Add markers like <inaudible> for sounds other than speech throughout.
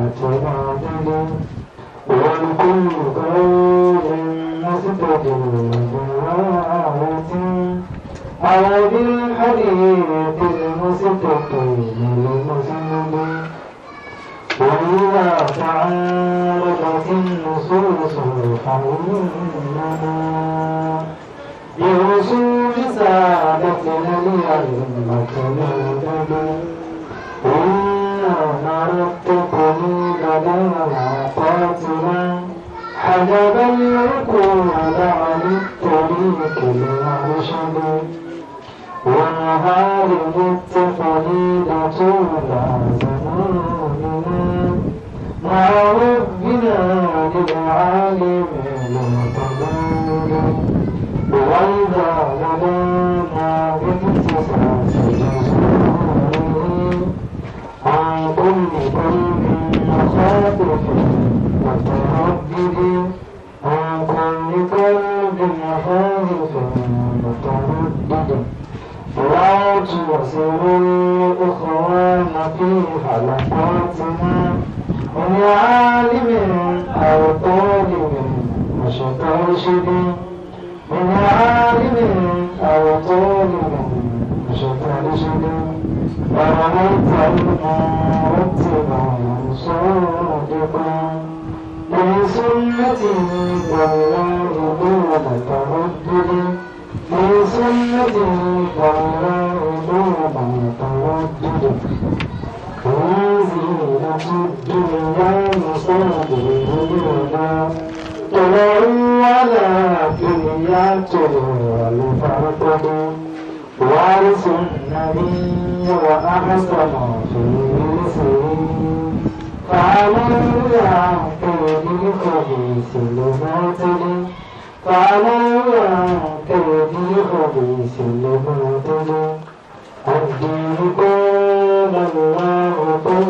àti àdúgbò ìwọ́n kò lù kọ́rin lásìkò ìgbà àwọn tí àwọn bí hàrí ti lọ́sìkò ìgbà lọ́sìkò وإذا تعارضت النصوص حولنا برسول سعادتنا لأئمة الهدى ربكم لدينا قاتلا حجبا لكم لعنتم كلا رشد وهذه التفريدة لازمنا مع ربنا للعالمين تماما وإذا لدينا من عالم أو طالب مشتت شديد ورأيت مرتبا صادقا من سنة الله دون تردد من سنة الله دون تردد وزينة الدنيا مصابرنا طلعوا على كليات والفرقد وارث النبي وأحسن تلميذه فعليه يعقل بخبيث المعتل فعليه يعقل بخبيث المعتل الدين قال الله قل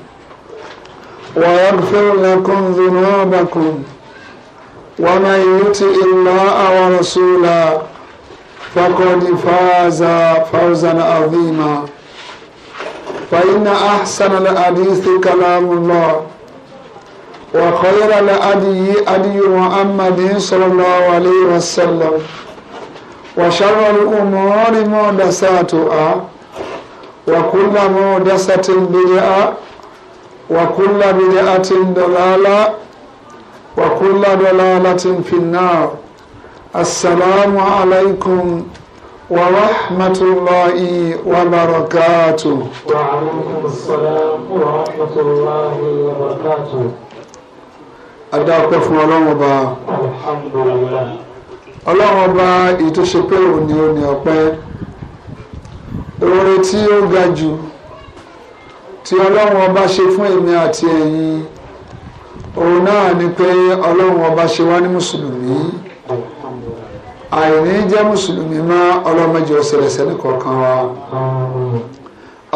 ويغفر لكم ذنوبكم ومن يطع الله ورسوله فقد فاز فوزا عظيما فإن أحسن الحديث كلام الله وخير الأدي أدي محمد صلى الله عليه وسلم وشر الأمور محدثاتها وكل محدثة بدعة وكل بدعة ضلالة وكل ضلالة في النار السلام عليكم ورحمة الله وبركاته وعليكم السلام ورحمة الله وبركاته adáàpẹ́ fún ọlọ́run ọba ọlọ́run ọba ìtòṣepé òní òní ọpẹ́ oore tí ó ga jù tí ọlọ́run ọba ṣe fún èmi àti ẹ̀yin òun náà ni pé ọlọ́run ọba ṣe wá ní mùsùlùmí àìní jẹ́ mùsùlùmí má ọlọ́mọdé ọ̀sẹ̀rẹ̀sẹ̀ nìkọ̀ọ̀kan wa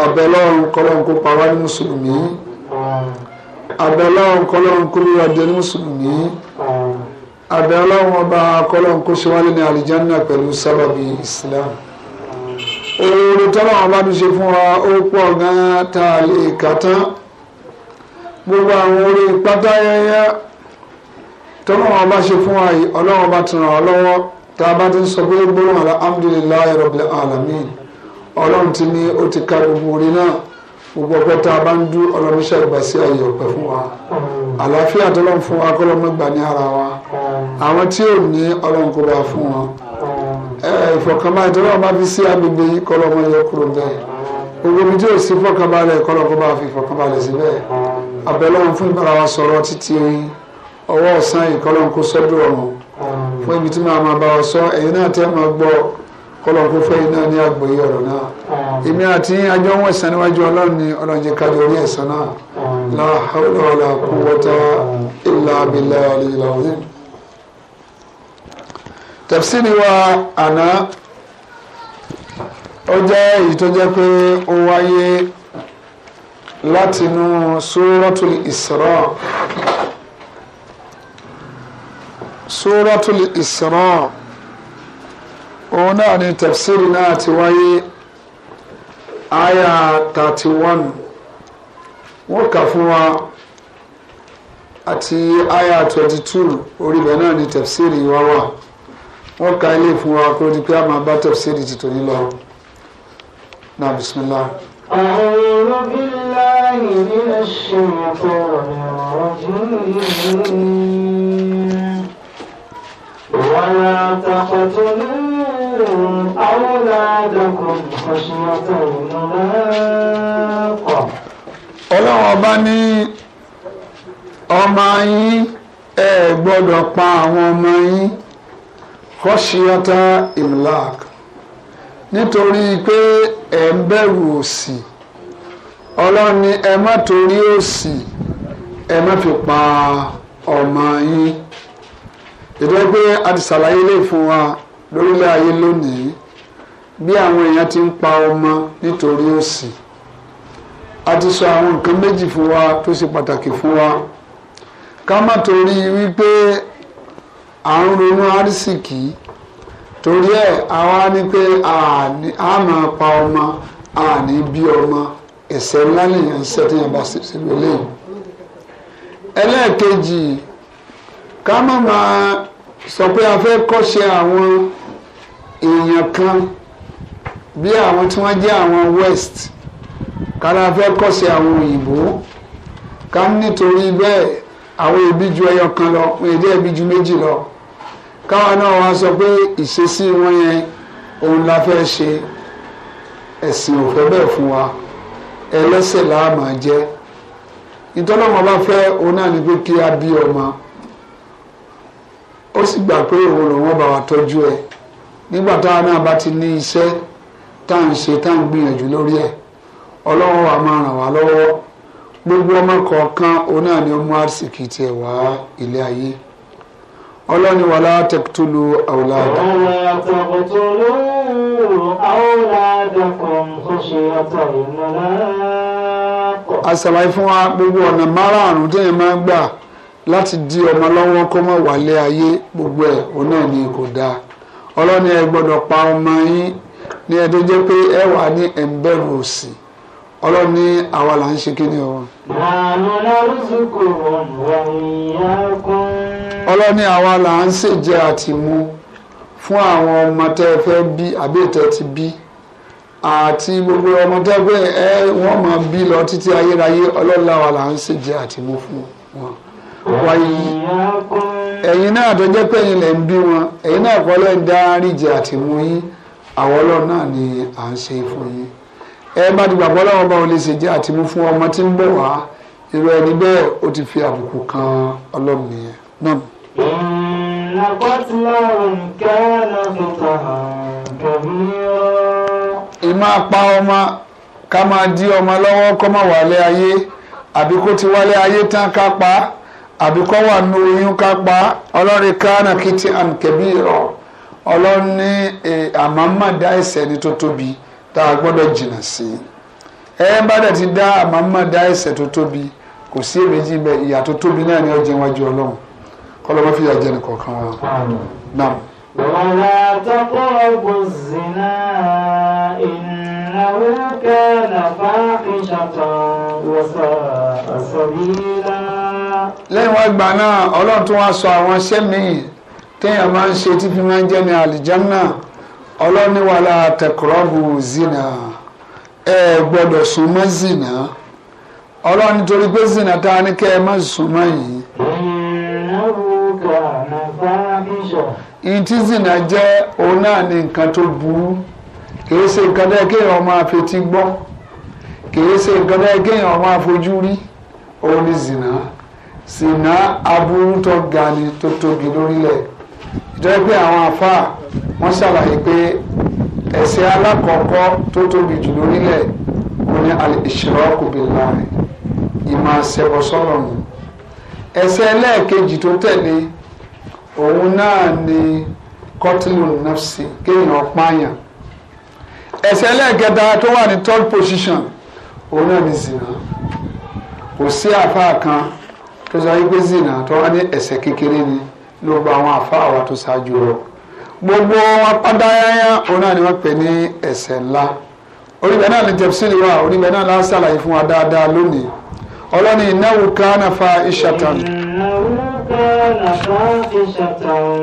abẹ́lọ́run kọ́lọ́run kó pa wá ní mùsùlùmí abẹ́lọ́run kọ́lọ́run kó lóra dé ní mùsùlùmí abẹ́lọ́run ọba kọ́lọ́run kó ṣe wá lé ní àlìjánnà pẹ̀lú sábàbí Islam oore tọ́lọ́wọ́n bá tún ṣe fún wa ó pọ̀ gan-an a lè kà tán gbogbo àwọn oore pátá yẹ́yẹ́ tọ́lọ́wọ́n bá ṣe fún wa yìí ọlọ́wọ́n bá tún ràn wá lọ́wọ́ tá a bá tún sọ pé gbóhùn alhamdulillahi rabbil alamin ọlọ́run ti ní ó ti ká gbogbo oore náà gbogbo ọpẹ́ tá a bá ń dú ọlọ́run iṣẹ́ ìgbà sí ayé ọpẹ́ fún wa àlàáfíà tọ́lọ́run fún wa kọ́lọ́mọgbà ní ara wa àwọn tí ò ní ọlọ́run kó bá fún wọn ìfọ̀kànbalẹ̀ tó náà máa fi sí agbègbè yìí kọ́ lọ́mọ yẹ kúrò bẹ́ẹ̀ gbogbo ibi tí ò sí fọ̀kànbalẹ̀ kọ́ lọ́kọ́ máa fi ìfọ̀kànbalẹ̀ síbẹ̀ abẹ́lọ́run fún ìbára wa sọ̀rọ̀ títí ọwọ́ ọ̀sán yìí kọ́ lọ́n kó sọ́dọ̀ ọ̀hún fún ibi tí màá máa bá ọ sọ ẹ̀yin náà tẹ́ máa gbọ́ kọ́ lọ́n kó fẹ́ iná ní àgbọ́yé ọ̀rọ̀ náà èmi àti ajọ́ wọn ìsàn níwájú ọlọ́run ni ọlọ́run jẹ́ ká lórí ẹ̀sán tafsiri wa àná ó jẹ́ èyí tó jẹ́ pé ó wáyé látinú suratul Isra suratul Isra òun náà ni tafsiri náà ti wáyé aya thirty one wọ́n kà fún wa àti aya twenty two orí bẹ́ẹ̀ náà ni tafsiri wá wà. Wa wọ́n ka ilé fún wa kó di pé a máa bá tafsiri ti tòní lọ. náà bismillah. أعوذ بالله من الشيطان الرجيم ولا تقتلوا أولادكم خشية إملاق ọlọ́run ọba ní ọmọ yín ẹ gbọ́dọ̀ pa àwọn ọmọ yín kọ́ṣíọ́tà imlak nítorí pé ẹ̀ ń bẹ̀rù òṣì ọlọ́run ni ẹ má torí òṣì ẹ má fi pa ọmọ yín ìdọ́ pé a ti ṣàlàyé lè fún wa lórílẹ̀ ayé lónìí bí àwọn èèyàn ti ń pa ọmọ nítorí òṣì a ti sọ àwọn nǹkan méjì fún wa tó ṣe pàtàkì fún wa ká má torí wípé à ń ronú arísìkì torí ẹ̀ àwa ni pé a máa pa ọmọ a ní bí ọmọ ẹ̀ṣẹ̀ ńlá nìyẹn ń ṣẹ́ tí yẹn bá ṣe sílùú eléyìí ẹlẹ́ẹ̀kejì ká má máa sọ pé a fẹ́ kọ́ṣe àwọn èèyàn kan bí àwọn tí wọ́n jẹ́ àwọn west kára fẹ́ kọ́ṣe àwọn òyìnbó ká nítorí bẹ́ẹ̀ àwọn ìbí ju ẹyọ kan lọ wọn èdè ẹbí méjì lọ káwa náà wá sọ pé ìṣesí wọn yẹn òun la fẹ́ ṣe ẹ̀sìn ò fẹ́ bẹ́ẹ̀ fún wa ẹlẹ́sẹ̀ làá máa jẹ́ ìtọ́lọ́mọ bá fẹ́ òun náà ni pé kí a bí ọmọ ó sì gbà pé òun lòun bá wa tọ́jú ẹ nígbà táwa náà bá ti ní iṣẹ́ tá à ń ṣe tá à ń gbìyànjú lórí ẹ̀ ọlọ́wọ́ wa máa ràn wá lọ́wọ́ gbogbo ọmọ kọ̀ọ̀kan òun náà ni ó mú àsìkò tiẹ̀ wá ilé ayé ọlọ́ni wàlá tẹ̀kítúlù àwòládà. wàlá tẹ̀kítúlù àwòládà kan tó ṣe ọ̀tọ̀ ìmọ̀lá. a ṣàlàyé fún wa gbogbo ọ̀nà márààrún téèyàn máa ń gbà láti di ọmọ lọ́wọ́ kó má wálé ayé gbogbo ẹ̀ òun náà ni kò dáa ọlọ́ni ẹ gbọ́dọ̀ pa ọmọ yín ní ẹ tó jẹ́ pé ẹ wà ní ẹ̀ ń bẹ̀rù òṣì ọlọ́run ní àwa là ń ṣe kíni o. ọlọ́run ní àwa là ń ṣèjẹ àtìmú fún àwọn ọmọ tẹ́ ẹ fẹ́ bí àbí ìtẹ́ ti bí àti gbogbo ọmọ tẹ́ pé ẹ wọ́n máa bí lọ títí ayérayé ọlọ́run làwa là ń ṣèjẹ àtìmú fún wọn. ẹ̀yin náà tó jẹ́ pé ẹ̀yin lè ń bí wọn ẹ̀yin náà kọ́ lẹ́ ń dá ríjẹ àtìmú yín àwọn ọlọ́run náà ni à ń ṣe fún yín ẹ bá ti gbàgbọ́ lọ́wọ́ bá wọn lè ṣe jẹ́ àtìmú fún ọmọ tí ń bọ̀ wá irú ẹni bẹ́ẹ̀ ó ti fi àbùkù kan ọlọ́run nìyẹn náà. ìmọ̀ apá ọmọ ká máa dí ọmọ lọ́wọ́ kó má wálé ayé àbí kó ti wálé ayé tán ká pa á àbí kó wà nù oyún ká pa á ọlọ́rin kánà kìtì ànkẹ́bí rọ ọlọ́run ní eh, àmàmàdá ẹ̀ṣẹ̀ ní tó tóbi tá a gbọ́dọ̀ jìnnà sí ẹ bá dẹ̀ ti dá àmàmà dá ẹ̀ṣẹ̀ tó tóbi kò sí èméjì bẹ ìyà tó tóbi náà ni ọjọ́ iwájú ọlọ́run kọ́lọ́mọ́ fìyà jẹ nìkan kan wọn. náà. wàhálà taqrabu zina innahu kana fahishatan wa sa'a sabila. lẹ́yìn wá gbà náà ọlọ́run tó wá sọ àwọn iṣẹ́ mi-ín téèyàn máa ń ṣe tí fi máa ń jẹ́ ní àlìjánnà náà ọlọ́ni wàlá tẹkọrọ́bù zina ẹ gbọ́dọ̀ súnmọ́ zina ọlọ́ni torí pé zina tá ni ní kẹ́ ẹ má súnmọ́ yìí. ìtí zina jẹ́ òun náà ní nǹkan tó burú kìí ṣe nǹkan tẹ́ kéèyàn máa fetí gbọ́ kìí ṣe nǹkan tẹ́ kéèyàn máa fojú rí òun ní zina zina aburú tó ga ni tó tóbi lórílẹ̀ ìjọba pé àwọn àfáà wọ́n ṣàlàyé pé ẹ̀ṣẹ̀ alákọ̀ọ́kọ́ tó tóbi jù lórílẹ̀ kò ní al-ishraku billahi ìmọ̀ àṣẹwọ̀ sọ̀rọ̀ nù ẹ̀ṣẹ̀ ẹlẹ́ẹ̀kejì tó tẹ̀lé òun náà ni kọtìlù nafsi kéèyàn pààyàn ẹ̀ṣẹ̀ ẹlẹ́ẹ̀kẹta tó wà ní third position òun náà ni zina kò sí àfáà kan tó sọ wípé zina tó wá ní ẹ̀ṣẹ̀ kékeré ni ní gbogbo àwọn àfa àwa tó ṣáájú rọ gbogbo wọn pátáyáyá òun náà ni wọn pè ní ẹ̀ṣẹ̀ ńlá oríbẹ náà ni jẹpsílì wà oríbẹ náà la ṣàlàyé fún wa dáadáa lónìí ọlọ́ni ìnáwó kánà fa ìṣàtàn. ìnáwó kánà fa ìṣàtàn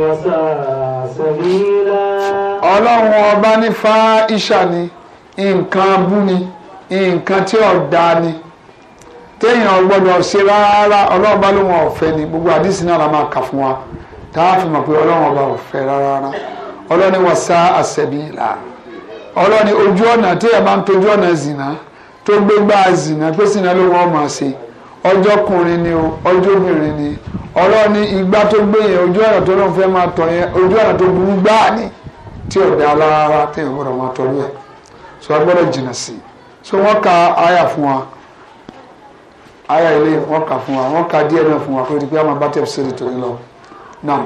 wàṣà sẹ̀lílá. ọlọ́run ọba ní fa ìṣà ni nǹkan bú ni nǹkan tí ò dáa ni. téèyàn gbọ́dọ̀ ṣe rárá ọlọ́run bá lóun ọ̀fẹ́ ni gbogbo àdìsí náà la máa kà fún wa tá a fi ọba ọfẹ rárá ọlọ́run wọ́n sá àṣẹbí là ọlọ́run ojú ọ̀nà ń tojú ọ̀nà zìnà tó zìnà pé ló wọ́n máa ṣe ọjọ́kùnrin ni o ọjọ́bìnrin ni igbá tó ni tí ò dá rárá téèyàn a ayé ilé wọn kà fún wa wọn kà díẹ̀ náà fún wa kó o di pé a máa bá tẹ̀ sírí torí lọ náà.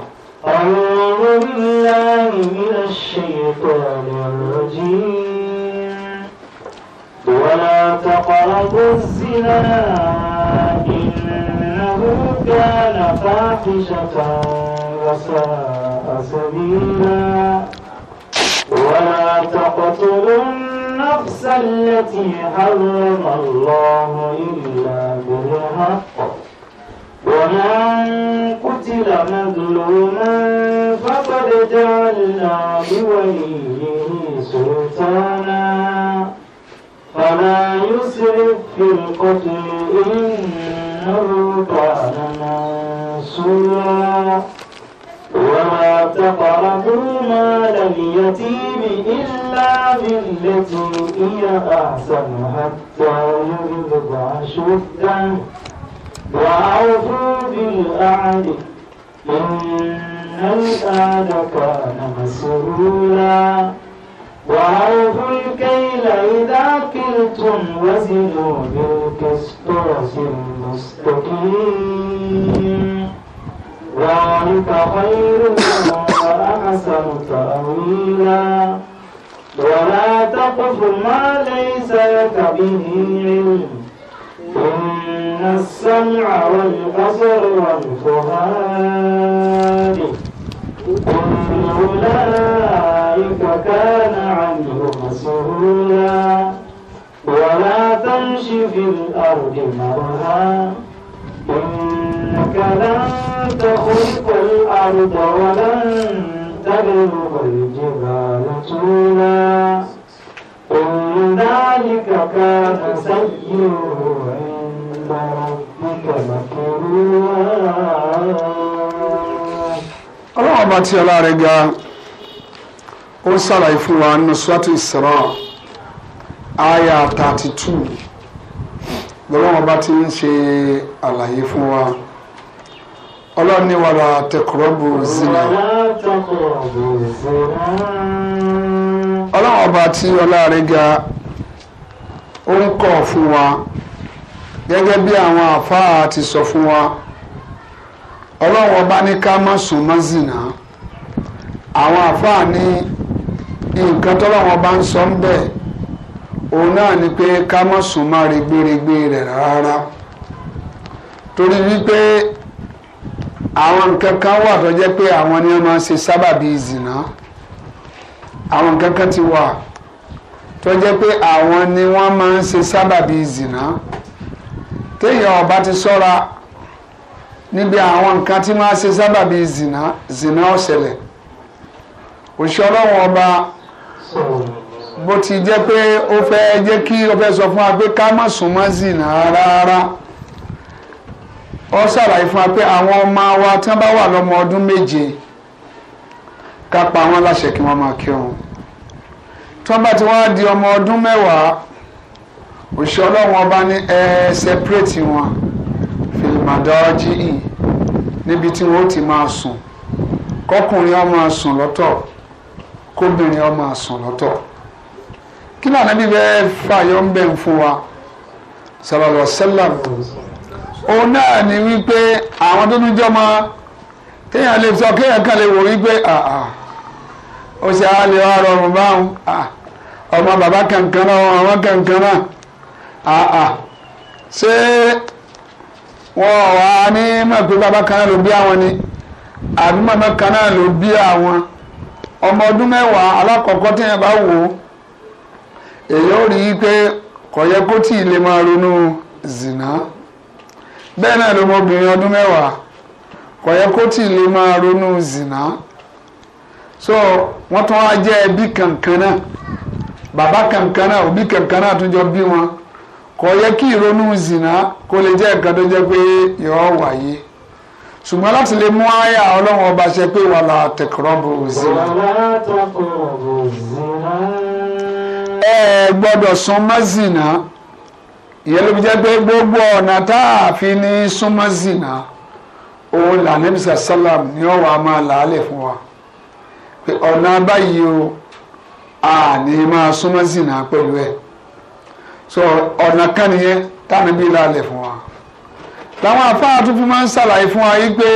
أعوذ بالله من الشيطان الرجيم ولا تقربوا الزنا إنه كان فاحشة وساء سبيلا ولا تقتلوا النفس التي حرم الله إلا بالحق ومن قتل مظلوما فقد جعلنا لوليه سلطانا فلا يسرف في القتل إنه كان منصورا وما تقربوا مال اليتيم إلا بالتي هي أحسن حتى يبلغ أشده وأوفوا بالأعد إن الآن كان مسؤولا وأوفوا الكيل إذا كلتم وزنوا بالقسطاس المستقيم ذلك خير وأحسن تأويلا ولا تقف ما ليس لك به علم إن السمع والبصر والفؤاد كل أولئك كان عنه مسؤولا ولا تمش في الأرض مرها إنك لن تخلق الأرض ولن تبلغ الجبال طولا كل ذلك كان سيئا عند ربك مكروها ọlọ́run ọba tí ọlá rẹ̀ ga ó ń ṣàlàyé fún wa nínú swati Isra aya thirty two lọ́wọ́n ọba tí ń ṣe àlàyé fún wa. ọlọ́run ní wàrà tẹkọrọ́bù zina. ọlọ́run ọba ga ó ń kọ̀ fún wa gẹ́gẹ́ bí àwọn àfáà ti sọ fún wa ọlọ́run ọba ní ká má sùn zina àwọn àfáà ní nǹkan tọ́lọ́run ọba ń sọ ń bẹ̀ òun àwọn nǹkan kan wà tó jẹ́ pé àwọn ni wọ́n máa ń ṣe sábàbí ìzìnà àwọn nǹkan kan ti wà tó jẹ́ ni wọ́n máa ń ṣe sábàbí ìzìnà ọba ti sọ́ra níbi àwọn nǹkan tí máa ṣe sábàbí ìzìnà ìzìnà ọba bó ti jẹ́ pé ó fẹ́ jẹ́ kí ó fẹ́ sọ fún wa pé ká má sùn zìnà ọ ṣàlàyé fún wa pé àwọn ọmọ wa tí wọ́n bá wà lọ́mọ ọdún méje ká pa wọ́n láṣẹ kí wọ́n máa kírun tí wọ́n bá ti wá di ọmọ ọdún mẹ́wàá òṣìṣẹ́ ọlọ́run ọba ní ẹ ṣẹpẹ́rẹ́tì wọn fìlìmọ̀dọ́jì yìí níbi tí wọ́n ti máa sùn kọkùnrin ọmọ sùn lọ́tọ̀ kóbìnrin ọmọ sùn lọ́tọ̀ kí ni Ànábì bẹ́ẹ̀ fààyàn ń ń fún wa sallallahu alaihi wasallam. òun náà ni wípé àwọn tó tún ma kéèyàn lè sọ kéèyàn kan lè wò wípé ó ṣe á lè wá báwọn ọmọ bàbá kankan náà ọmọ kankan náà ṣé wọn wà ní mọ̀ pé bàbá kan náà ló bí àwọn ni àbí kan náà ló bí àwọn ọmọ ọdún mẹ́wàá alákọ̀ọ́kọ́ téèyàn bá wò i pé kó lè máa bẹ́ẹ̀ náà lọmọbìnrin ọdún mẹ́wàá kò yẹ kó tì lè máa ronú zìnà so wọ́n tún wá jẹ́ ẹbí kankan náà bàbá kankan náà òbí kankan náà tún jọ bí wọn kò yẹ kí ìrònú zìnà kó lè jẹ́ nǹkan tó jẹ́ pé yọ wáyé ṣùgbọ́n láti lè mú àyà ọlọ́run ọba ṣe pé wàlá tẹkọrọ́bù zìnà. ẹ gbọ́dọ̀ sún mọ́ zìnà ìyẹn ló fi jẹ́ pé gbogbo ọ̀nà tá a fi ní súnmọ́ zina òun là níbísà sálàm ni ó wàá máa làálẹ̀ fún wa pé ọ̀nà báyìí o a ní máa súnmọ́ zina pẹ̀lú ẹ̀ so ọ̀nà kan nìyẹn táwọn ibi làálẹ̀ fún wa làwọn afáà tó fi máa ń ṣàlàyé fún wa yìí pé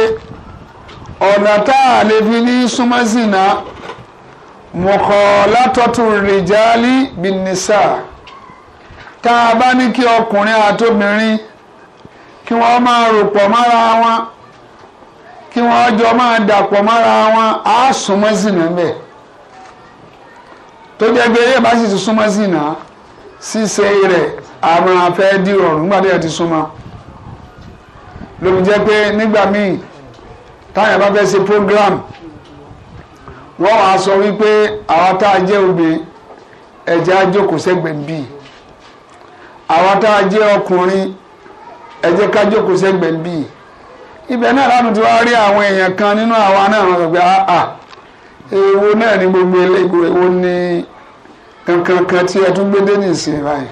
ọ̀nà tá a lè fi ní súnmọ́ zina mọ̀kọ́ látọ̀tún rìjálì bínísà tá a bá ní kí ọkùnrin àtòbìnrin kí wọ́n máa rò pọ̀ mára wọn kí wọ́n jọ máa dàpọ̀ mára wọn á súnmọ́ zìnà ńbẹ̀ tó jẹ́ pé yẹ́n bá sì ti súnmọ́ zìnà ṣíṣe rẹ̀ àwọn afẹ́ dìrọ̀rùn nígbà tí yẹn ti súnmọ́ lóbi jẹ́ pé nígbà míì táyà bá fẹ́ ṣe program wọ́n wàá sọ wípé àwa tá a jẹ́ obìnrin ẹ̀jẹ̀ á jókòó sẹ́gbẹ̀ẹ́ bíi àwa tá a jẹ́ ọkùnrin ẹ jẹ́ ká jókòó sẹ́gbẹ̀ẹ́ bíi ibẹ̀ náà láti ti wá rí àwọn èèyàn kan nínú àwa náà wọ́n sọ pé àà ah, èwo ah, náà ni gbogbo eléyìí èwo ni kankan tí ẹ tún gbé dé nìsín báyìí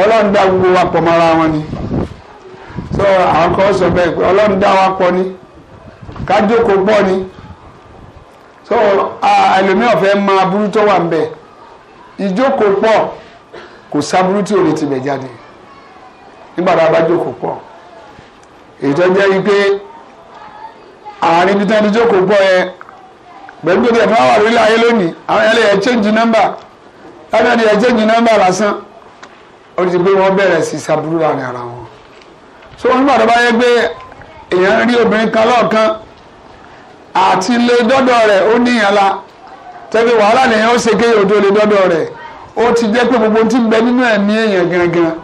ọlọ́run dá gbogbo wa pọ̀ mọ́ra wọn ni so àwọn kan sọ bẹ́ẹ̀ pé ọlọ́run dá wa pọ̀ ni ká jókòó pọ̀ ni so ẹlòmíràn fẹ́ máa burú tó wà ń bẹ̀ ìjókòó pọ̀ kò sábúrú tí ò lè tibẹ̀ jáde nígbà tá a bá jókòó pọ̀ èyí tó jẹ́ wípé àárín ibi tí jókòó pọ̀ yẹn pẹ̀lú pé tí wọ́n wà ayé lónìí àwọn yẹn lè change number láti ẹ̀ yẹ change number lásán ó ti pé wọ́n bẹ̀rẹ̀ sí sábúrú láàrin ara wọn so nígbà tó bá yẹ pé èèyàn rí obìnrin kan lọ́ọ̀kan àti lè dọ́dọ̀ rẹ̀ ó níyànlá tẹ́lẹ̀ wàhálà nìyẹn ó ṣe kéye òdo ó ti jẹ́ pé gbogbo tí ń bẹ nínú ẹ̀mí èèyàn gangan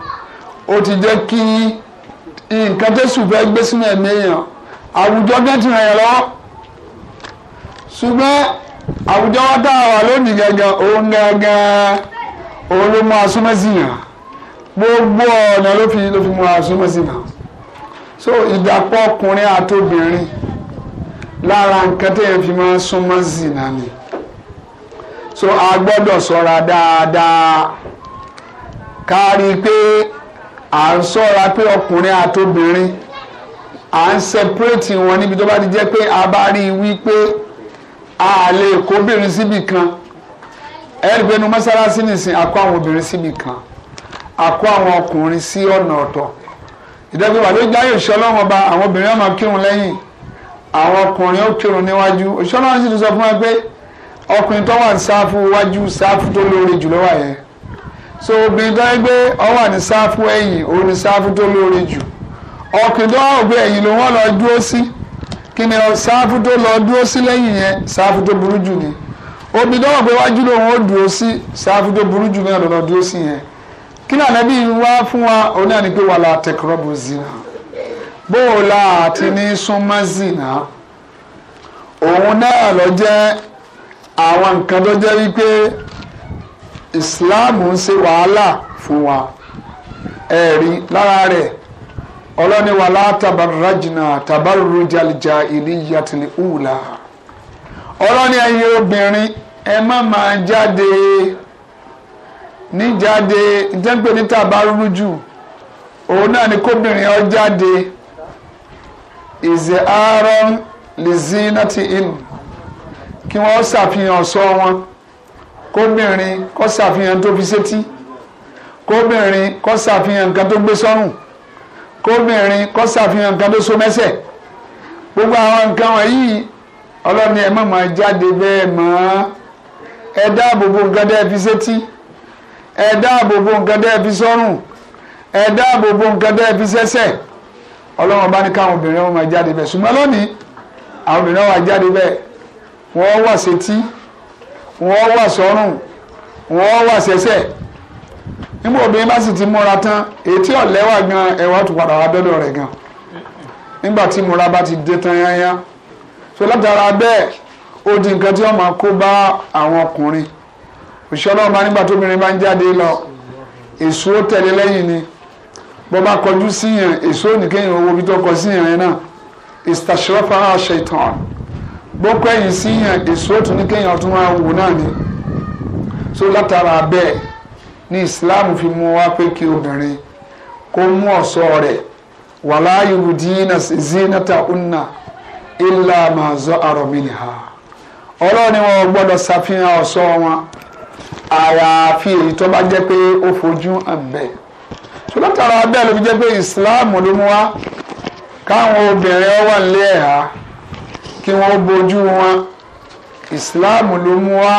ó ti jẹ́ kí nǹkan tó sùn fẹ́ gbé sínú ẹ̀mí èèyàn àwùjọ gan ti ràn ṣùgbọ́n àwùjọ wa tá a wà lónìí gangan òun gangan òun ló mú asúmọ́sí yàn gbogbo ọ̀nà ló fi ló fi mú asúmọ́sí yàn so ìdàpọ̀ ọkùnrin àtobìnrin lára nǹkan tó yẹn fi máa súnmọ́ sí náà ni so a gbọ́dọ̀ ṣọ́ra dáadáa ká rí i pé à ń ṣọ́ra pé ọkùnrin àtobìnrin à ń separate wọn níbi tó bá ti jẹ́ pé a bá rí i wípé a lè kóbìnrin síbì kan ẹ̀rí pé nìsín a kó àwọn obìnrin síbì kan a kó àwọn ọkùnrin sí ọ̀nà ọ̀tọ̀ ìdẹ́gbẹ́ wà ló jáyè ìṣọ́lọ́wọ́n ọba àwọn obìnrin ọmọ kírun lẹ́yìn àwọn ọkùnrin ó kírun níwájú ìṣọ́lọ́wọ́n sì ti sọ fún wa pé ọkùnrin tó wà ní sáfù wájú sáfù tó lóore jù ló wà yẹn so obìnrin tó ń gbé ọ wà ní sáfù ẹ̀yìn òun ní sáfù tó lóore jù ọkùnrin tó wà ògbé ẹ̀yìn ló wọ́n lọ dúró sí kí ni sáfù tó lọ dúró sí lẹ́yìn yẹn sáfù tó burú jù ni obìnrin tó wà pé wájú lòun ó dúró sí sáfù tó burú jù náà ló lọ dúró sí yẹn kí ni ànábì wá fún wa òun náà pé wà á tẹkọrọbù zina bóòlà àti ní súnmọ́ zina òun náà lọ jẹ́ àwọn nǹkan tó jẹ́ wípé islam ń ṣe wàhálà fún wa ẹ̀rí lára rẹ̀ ọlọ́ni wà látàbàrájìnà tàbárùrùjàlìjà ìlíyàtìlì ùlà ọlọ́ni ẹ̀yin obìnrin ẹ má máa jáde níjáde jẹ́pẹ́ ní tàbárùrùjù òun náà ni kóbìnrin ọ jáde ìzẹ̀ àárọ̀ lè zínà ti ìlú kí wọ́n ṣàfihàn sọ wọn kóbìnrin kó ṣàfihàn tó fi sétí kóbìnrin kó ṣàfihàn nǹkan tó gbé sọ́rùn kóbìnrin kó ṣàfihàn nǹkan tó so mẹ́sẹ̀ gbogbo àwọn nǹkan wọ̀nyí ọlọ́ni ẹ̀ mọ̀mọ́ jáde bẹ́ẹ̀ mọ́ ẹ dáàbò bo nǹkan dẹ́ fi sétí ẹ dáàbò bo nǹkan dẹ́ fi sọ́rùn ẹ dáàbò bo nǹkan dẹ́ fi sẹ́sẹ̀ ọlọ́run bá ní káwọn obìnrin wọn máa jáde bẹ́ẹ̀ ṣùgbọ́n lónìí àwọn obìnrin wọn máa jáde bẹ́ẹ̀ wọ́n wà sétí wọ́n wà sọ́rùn wọ́n wà sẹ́sẹ̀ nígbà obìnrin bá sì ti múra tán ètí ọ̀lẹ́wà gan ẹ̀wà tó padà wá dọ́dọ̀ rẹ̀ gan nígbà tí múra bá ti dé tán yányá so látara bẹ́ẹ̀ ó di nǹkan tí wọ́n máa kó bá àwọn ọkùnrin òṣìṣẹ́ ọlọ́run bá nígbà bá ń jáde lọ èso tẹ̀lé lẹ́yìn ni bọ́ bá kọjú síyàn èso nìkéyìn owó bí tó kọ síyàn yẹn náà ìsìtàṣẹ́rọ́fà ṣaitan bó kẹ́yìn síyàn èso otu ní kéèyàn tún máa wò náà ni so látara ní Islam fi mú wá pé kí obìnrin kó mú ọ̀ṣọ́ rẹ̀ wàlá yubudina zinata unna illa ma za'ara ha ọlọ́run ni wọn gbọ́dọ̀ ṣàfihàn ọ̀ṣọ́ wọn àyàfi èyí tó bá jẹ́ pé ó fojú hàn bẹ́ẹ̀ so látara bẹ́ẹ̀ ló fi jẹ́ pé Islam ló mú ka káwọn obìnrin nílé ha. kí wọ́n bojú wọn ìsìláàmù ló mú wá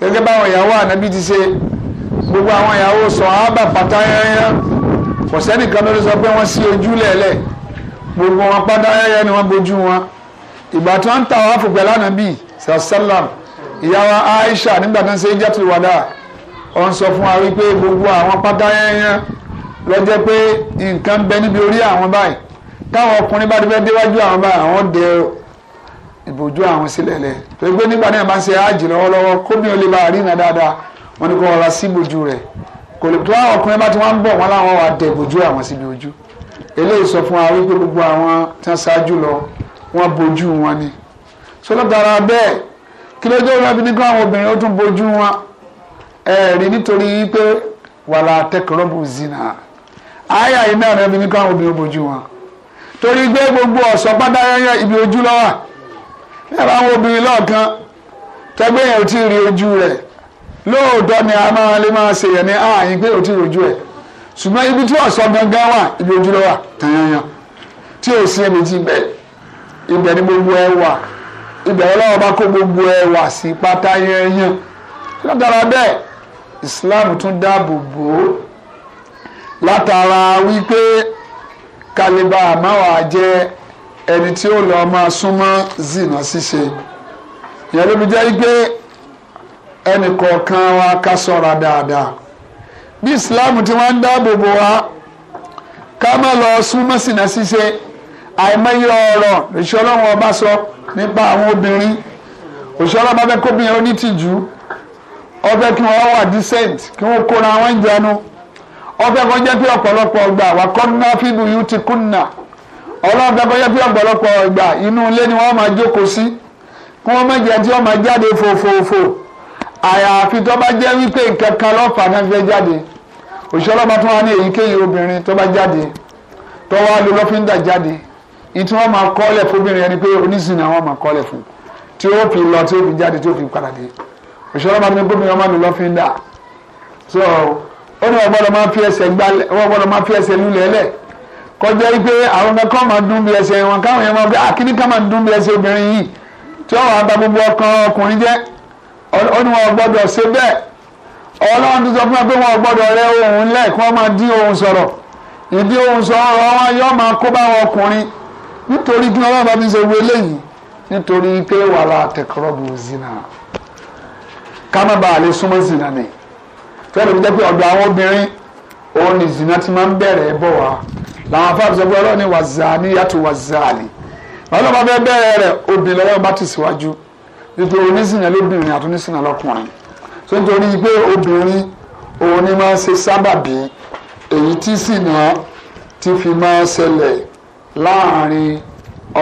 gẹ́gẹ́ báwọn ìyàwó ànábì ti ṣe gbogbo àwọn ìyàwó sọ ábà pátá yányá kò sẹ́nìkan ló sọ pé wọ́n sí ojú lẹ̀lẹ̀ gbogbo wọn pátá yányá ni wọ́n bojú wọn ìgbà tí wọ́n ń ta wàá fògbẹ́ lánàbì sàlám ìyàwó Aisha nígbà tó ń ṣe hijjatul wada ọ̀n sọ fún wa wípé gbogbo àwọn pátá yányá ló jẹ́ pé nǹkan bẹ níbi orí àwọn báyìí táwọn ọkùnrin bá ti fẹ́ déwájú àwọn báyìí àwọn dẹ̀ ìbòjú àwọn sílẹ̀ lẹ̀ tó gbé nígbà náà máa ń ṣe áàjì lọ́wọ́lọ́wọ́ kó ní olè bá àrínà dáadáa wọn ni kò rọra sí ìbòjú rẹ̀ kò lè tó àwọn ọkùnrin bá ti wá ń bọ̀ wọn láwọn wà dẹ̀ ìbòjú àwọn síbi ojú eléyìí sọ fún wa wípé gbogbo àwọn tí wọ́n ṣáájú lọ wọ́n bojú wọn ni sọlọ́tara bẹ́ẹ̀ kí ló dé wọn bí ní kí àwọn obìnrin ó tún bojú wọn ẹ̀rí nítorí wípé wàlá tẹkọrọ́bù zina àyà iná rẹ̀ bí ní àwọn obìnrin ó bojú wọn torí gbé gbogbo ọ̀sọ́ pátáyẹ́yẹ́ ibi ojú lọ́wọ́ ní àwọn obìnrin lọ́ọ̀kan tẹgbẹ́ yẹn ò tí ì rí ojú rẹ̀ lóòótọ́ ni a máa lè máa ṣèyẹ ní ààyè ah, pé ò tí ì ṣùgbọ́n ibi tí ọ̀sán gangan wà ibi ojú ló wà tí ò sí tí ibẹ̀ ni gbogbo ẹ wà ibẹ̀ ọlọ́wọ́ gbogbo ẹ wà sí pátá Islam tún dáàbò bò ó látara wípé ẹni tí ó lọ máa súnmọ́ zina ṣíṣe ìyẹn ló fi jẹ́ pé ẹnì kọ̀ọ̀kan wa ká sọ̀ra dáadáa bí Islam ti wọ́n ń dáàbò bò wá ká má lọ súnmọ́ zina ṣíṣe àìmọye ọ̀rọ̀ ọba sọ nípa àwọn obìnrin òṣìṣọ́lọ́wọ́n ọba fẹ́ kóbìnrin onítìjú ọbẹ̀ kí wọ́n wà decent kí wọ́n kóra wọn jẹnu ọbẹ̀ kan jẹ́ pé ọ̀pọ̀lọpọ̀ wà ọlọ́run gbàgbọ́ yẹ pé ọ̀pọ̀lọpọ̀ ìgbà inú ilé ni wọ́n máa jókòó sí kí wọ́n má jẹ́ tí wọ́n máa jáde fòfòfò àyàfi tó bá jẹ́ wípé nǹkan kan lọ́fà náà fẹ́ jáde òṣìṣẹ́ ọlọ́pàá tó wà ní èyíkéyìí obìnrin tó bá jáde tó wá lo lọ́fíńdà jáde ìtí wọ́n máa kọ́lẹ̀ fóbìnrin ẹni pé onísìn ni wọ́n máa kọ́lẹ̀ fún tí ó fi lọ tí ó fi jáde tí ó fi padà dé òṣìṣẹ́ ọlọ́pàá tó ní gómìnà ọmọ mi lọ́fíńdà so ó ní wọ́n gbọ́dọ̀ máa fi ẹsẹ̀ lulẹ̀ lẹ́ẹ̀ kọjá yìí pé àwọn ọmọ kan máa dún bí ẹsẹ̀ wọn káwọn yẹn máa bí akíní kan máa dún bí ẹsẹ̀ obìnrin yìí tí wọn wà á ta gbogbo ọkàn ọkùnrin jẹ́ ó ní wọn gbọ́dọ̀ ṣe bẹ́ẹ̀ Ọlọ́run ti sọ fún wọn pé wọn gbọ́dọ̀ rẹ ohùn lẹ̀ kí wọ́n máa dín ohùn sọ̀rọ̀ ìdí ohùn sọ̀rọ̀ wọn yóò máa kó bá wọn ọkùnrin nítorí kí wọn bá fi ṣe wo eléyìí nítorí pé wàhálà tẹkọrọ bù zina ká má bàa lè súnmọ́ zina ni fẹ́ẹ́ lè fi jẹ́ pé ọ̀dọ̀ àwọn obìnrin òun ni zina ti máa ń bẹ̀rẹ̀ bọ̀ wá làwọn afáàbí sọ pé ọlọ́run ni wàzàní yàtọ̀ wàzàlì ọlọ́run bá fẹ́ bẹ̀rẹ̀ rẹ̀ obìnrin lọ́wọ́ bá ti síwájú nítorí onísìnà lóbìnrin àti onísìnà lọ́kùnrin tó nítorí pé obìnrin òun ni máa ń ṣe sábàbí èyí tí sìnà ti fi máa ń ṣẹlẹ̀ láàrin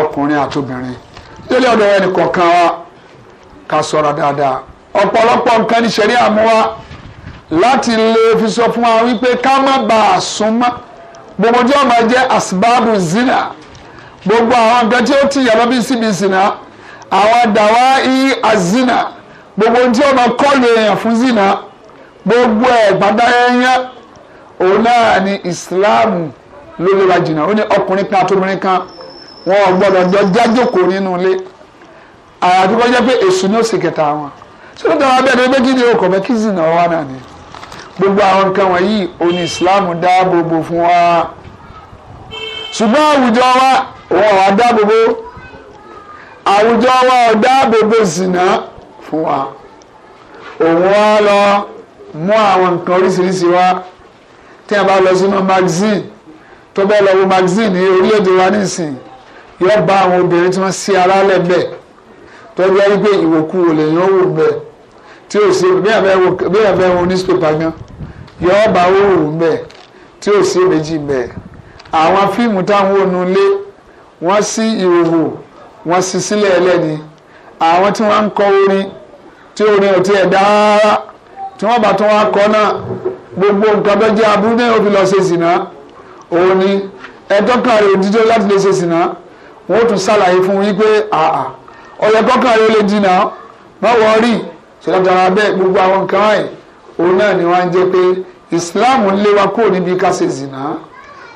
ọkùnrin àti obìnrin délé ọ̀dọ̀ ẹnì kọ̀ọ̀kan wa ká sọ̀rọ̀ dáadáa ọ̀pọ̀lọpọ̀ nǹkan ní ṣẹ̀rí àmúwá láti lè fi sọ fún wa wípé ká má bàa súnmọ́ gbogbo tí wọ́n máa jẹ́ asbabu zina gbogbo àwọn nǹkan tí ó ti yàrá bí síbi zina àwọn dàwa i azina gbogbo tí wọ́n máa kọ́lù èèyàn fún zina gbogbo ẹ̀ gbàdá ẹ̀yán òun náà ni islam ló lè wa jìnnà ó ní ọkùnrin kan àtòmìnrin kan wọn ò gbọdọ̀ jọ jájókòó nínú ilé àyàfi kọjá pé èṣù ni ó sì kẹta wọn ṣé ó dára bẹ́ẹ̀ ni kí ni o kò fẹ́ kí zina wà náà nìyẹn gbogbo àwọn nǹkan wọ̀nyí òní islam dáàbò bò fún wa ṣùgbọ́n àwùjọ wa wọn wà dáàbò bò àwùjọ wa ò dáàbò bò zìnà fún wa òun wa lọ mú àwọn nǹkan oríṣiríṣi wa tí a bá lọ sínú magazine tó bẹ́ẹ̀ lọ wo magazine ní orílẹ̀-èdè wa nísìnyí yóò bá àwọn obìnrin tí wọ́n sí ara lẹ̀ tó jẹ́ wípé ìwòkuwò lèèyàn wò bẹ́ẹ̀ tí o ṣe bí àbẹ̀wò bí àbẹ̀wò nísìpépà gan yọ ọba òòrùn ń bẹ tí o ṣe méjì ń bẹ àwọn fíìmù táwọn ònú lé wọ́n sí ìhòhò wọ́n sì sílẹ̀ ẹlẹ́ni àwọn tí wọ́n ń kọ orin tí orin ò tiẹ̀ dára tí wọ́n bá tún wá kọ náà gbogbo nǹkan tó jẹ́ aburú náà ó fi lọ ṣe sìnà òun ni ẹ̀tọ́ kan rẹ̀ láti lè ṣe sìnà wọ́n tún ṣàlàyé fún yín pé àà ọ̀yẹ̀kọ́ kan ó lè dínà wọ́n wọ́n rí sọlọ́dara bẹ́ẹ̀ gbogbo àwọn nǹkan wáyé òun náà ni wọ́n á jẹ́ pé Islam ń lé wa kúrò níbi ká ṣe zìnà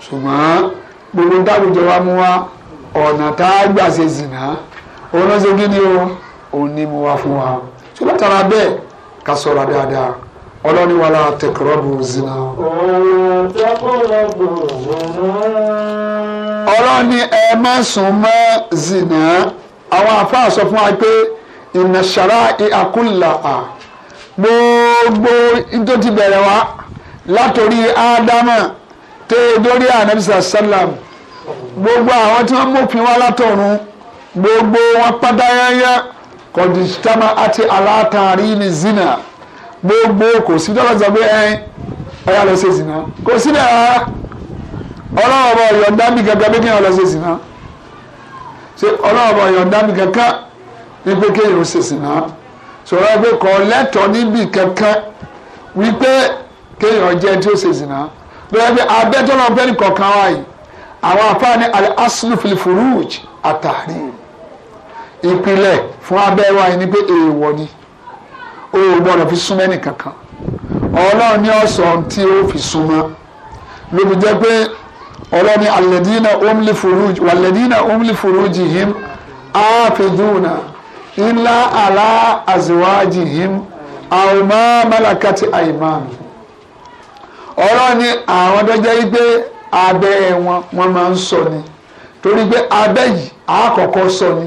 ṣùgbọ́n gbogbo dáwùjọ wa mú wa ọ̀nà tá a gbà ṣe zìnà òun ló ṣe kí ni o òun ni mo wá fún wa sọlọ́dara bẹ́ẹ̀ ká sọ̀rọ̀ dáadáa ọlọ́ni wàlá tẹ̀kọ̀rọ̀bù zina. ọlọ́ni ẹ má sùn mọ́ zina àwọn àfáà sọ fún wa pé ìnà ṣàrá àkúlà à gbogbo tó ti bẹ̀rẹ̀ wá látòrí ádámà tẹ dórí ànábìsà sálàm gbogbo àwọn tí wọ́n mọ̀pin wá látọ̀run gbogbo wọn pátáyáyá kọ̀dùsítàmà àti aláàtàrí ní zina gbogbo kò sí dọ́là sọ pé ọ̀yà lọ sí zina kò sí dẹ̀ rárá ọlọ́run ọba ọ̀yọ̀ dá mi bí kí n lọ sí zina ọlọ́run ọba ọ̀yọ̀ dá mi wípé kéèyàn ó ṣèṣìn náà sọ̀rọ̀ pé kọ́ lẹ́tọ̀ọ́ níbi kankan wípé kéèyàn jẹ́ tí ó ṣèṣìn náà lọ́wọ́ pé abẹ́tọ́lọ́ bẹ́ẹ̀ kọ̀ọ̀kan wáyé àwọn afáàní alẹ́ asúlùfìlì fúrúùj àtàrí ìpìlẹ̀ fún abẹ́ wáyé ni pé èèwọ̀ ni o ò gbọ́dọ̀ fi súnmọ́ ẹnì kankan ọlọ́run ní ọ̀sán tí ó fi súnmọ́ lóbi jẹ́ pé ọlọ́ni alẹ́dínà omli fúrúùj wàlẹ́dínà omli fúrúùj yìí áfẹ́dúnà ilá àlá àzìwájì him àwòmá málàkàtì àìmán ọ̀rọ̀ ni àwọn tó jẹ́ wípé abẹ́ wọn wọ́n máa ń sọ ni torí pé abẹ́ yìí àkọ́kọ́ sọ ni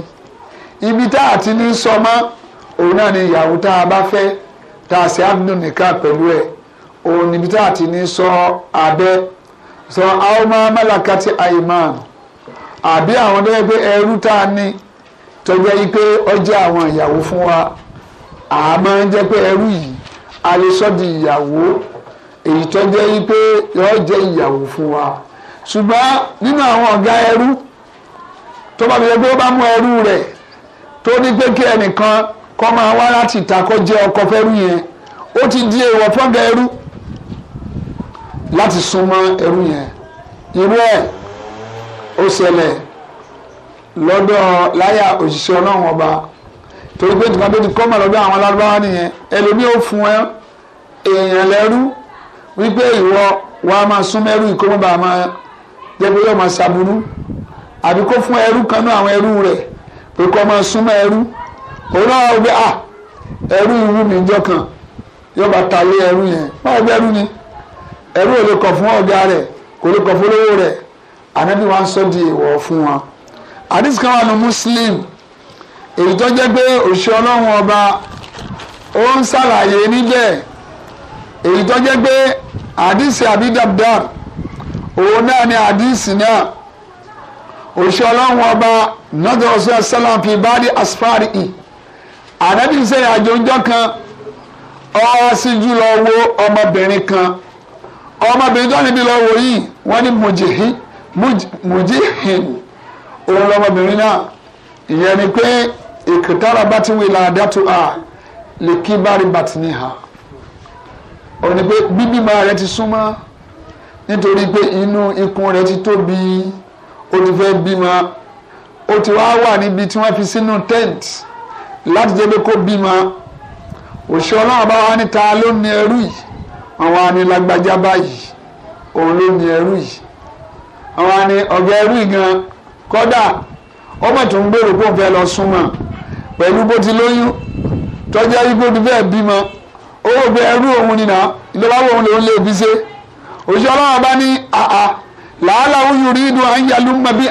ibi tá a ti ní sọ mọ́ òun náà ni ìyàwó tá a bá fẹ́ tá a sì ábùdùn nìkan pẹ̀lú ẹ̀ òun níbi tá a ti ní sọ abẹ́ sọ àwòmá málàkàtì àìmán àbí àwọn tó jẹ́ ẹrú tá a ní tó jẹ́ yí pé ó jẹ́ àwọn ìyàwó fún wa àmọ́ ń jẹ́ pé ẹrú yìí a lè sọ di ìyàwó èyí tó jẹ́ yí pé yọ jẹ́ ìyàwó fún wa ṣùgbọ́n nínú àwọn ọ̀gá ẹrú tó bá bẹ̀rẹ̀ pé ó bá mú ẹrú rẹ̀ tó ní pé kí ẹnìkan kọ́ máa wá láti ta jẹ́ ọkọ fẹ́rú yẹn ó ti di èèwọ̀ fọ́gà ẹrú láti súnmọ́ ẹrú yẹn irú ẹ̀ ó ṣẹlẹ̀ lọ́dọ̀ láyà òṣìṣẹ́ ọlọ́run ọba torí pé nǹkan tó ti kọ́ mọ̀ lọ́dọ̀ àwọn alárúbáwá nìyẹn ẹlòmíì ò fún ẹ èèyàn lẹ́rú wípé ìwọ wa máa sún mẹ́rú ìkómọba máa jẹ́ pé yóò máa ṣàbùrú àbí kó fún ẹrú kan náà àwọn ẹrú rẹ̀ pé kó máa sún mọ́ ẹrú òun náà wọ́n gbé à ẹrú ìwú mi jọ yóò bá ta lé ẹrú yẹn báwo bẹ́ẹ̀ rú ni ẹrú ò lè kọ̀ fún ọ̀gá rẹ̀ kò lè kọ̀ fún olówó rẹ̀ ànábì wa ń sọ di èèwọ̀ fún wọn àdìsí kan wà muslim èyí tó jẹ́ pé òṣìṣẹ́ ọlọ́run ọba ó ń ṣàlàyé níbẹ̀ èyí tó jẹ́ pé àdìsí àbídàbdà òun náà ni àdìsí náà òṣìṣẹ́ ọlọ́run ọba nọ́dọ̀ ọ̀sán sálàm fi báàdì asfari ì ànábì ń sẹ́yìn àjò ńjọ́ kan ọ̀ọ́ sí jù lọ wo ọmọbìnrin kan ọmọbìnrin tó níbi lọ wò yìí wọ́n ní mujihin mujihin òun lọ́mọbìnrin náà ìyẹn ni pé ìkìtara bá ti wíla a lè kí bárí bàtì ní ha òun ni pé bíbímọ rẹ ti súnmọ́ nítorí pé inú ikùn rẹ ti tóbi ó ti fẹ́ bímọ ó ti wá wà níbi tí wọ́n fi sínú tent láti jẹ́ pé kó bímọ òṣìṣẹ́ ọlọ́run bá wá níta ló ní ẹrú yìí àwọn anilágbájá báyìí òun ló ní ẹrú yìí àwọn ani ọ̀gá ẹrú yìí gan-an kódà ọmọ tó ń gbèrò kó lọ pẹ̀lú bó ti lóyún tọ́jà igbó ti fẹ́ bímọ owó gbé ẹrú òun nìyà ìjọba wo òun lòún lè fi ṣe òṣìṣẹ́ ọlọ́run bá ní àà làálàá òun rí inú bí à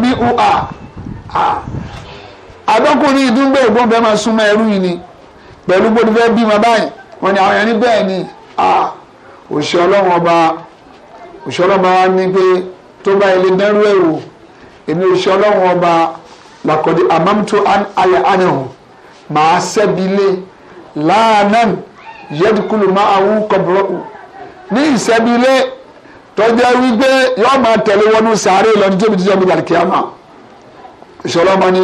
mi ù à ìdúgbò máa ẹrú yìí ni bó bímọ báyìí ni tó bá ilé dánrú ẹ̀ wò èmi òṣìṣẹ́ ọlọ́run ọba làkọ̀dé àmọ́mútó ayé ànáhùn màá sẹ́bi lé láàánán yẹ́dùkúlù máa awú kọ̀bùrọ̀kù ní ìsẹ́bi lé tọ́jà wípé yọ́ọ́ máa tẹ̀lé wọnú sàárè lọ ní tóbi tíjọ́ gbígbà kíámà òṣìṣẹ́ ọlọ́mọ ni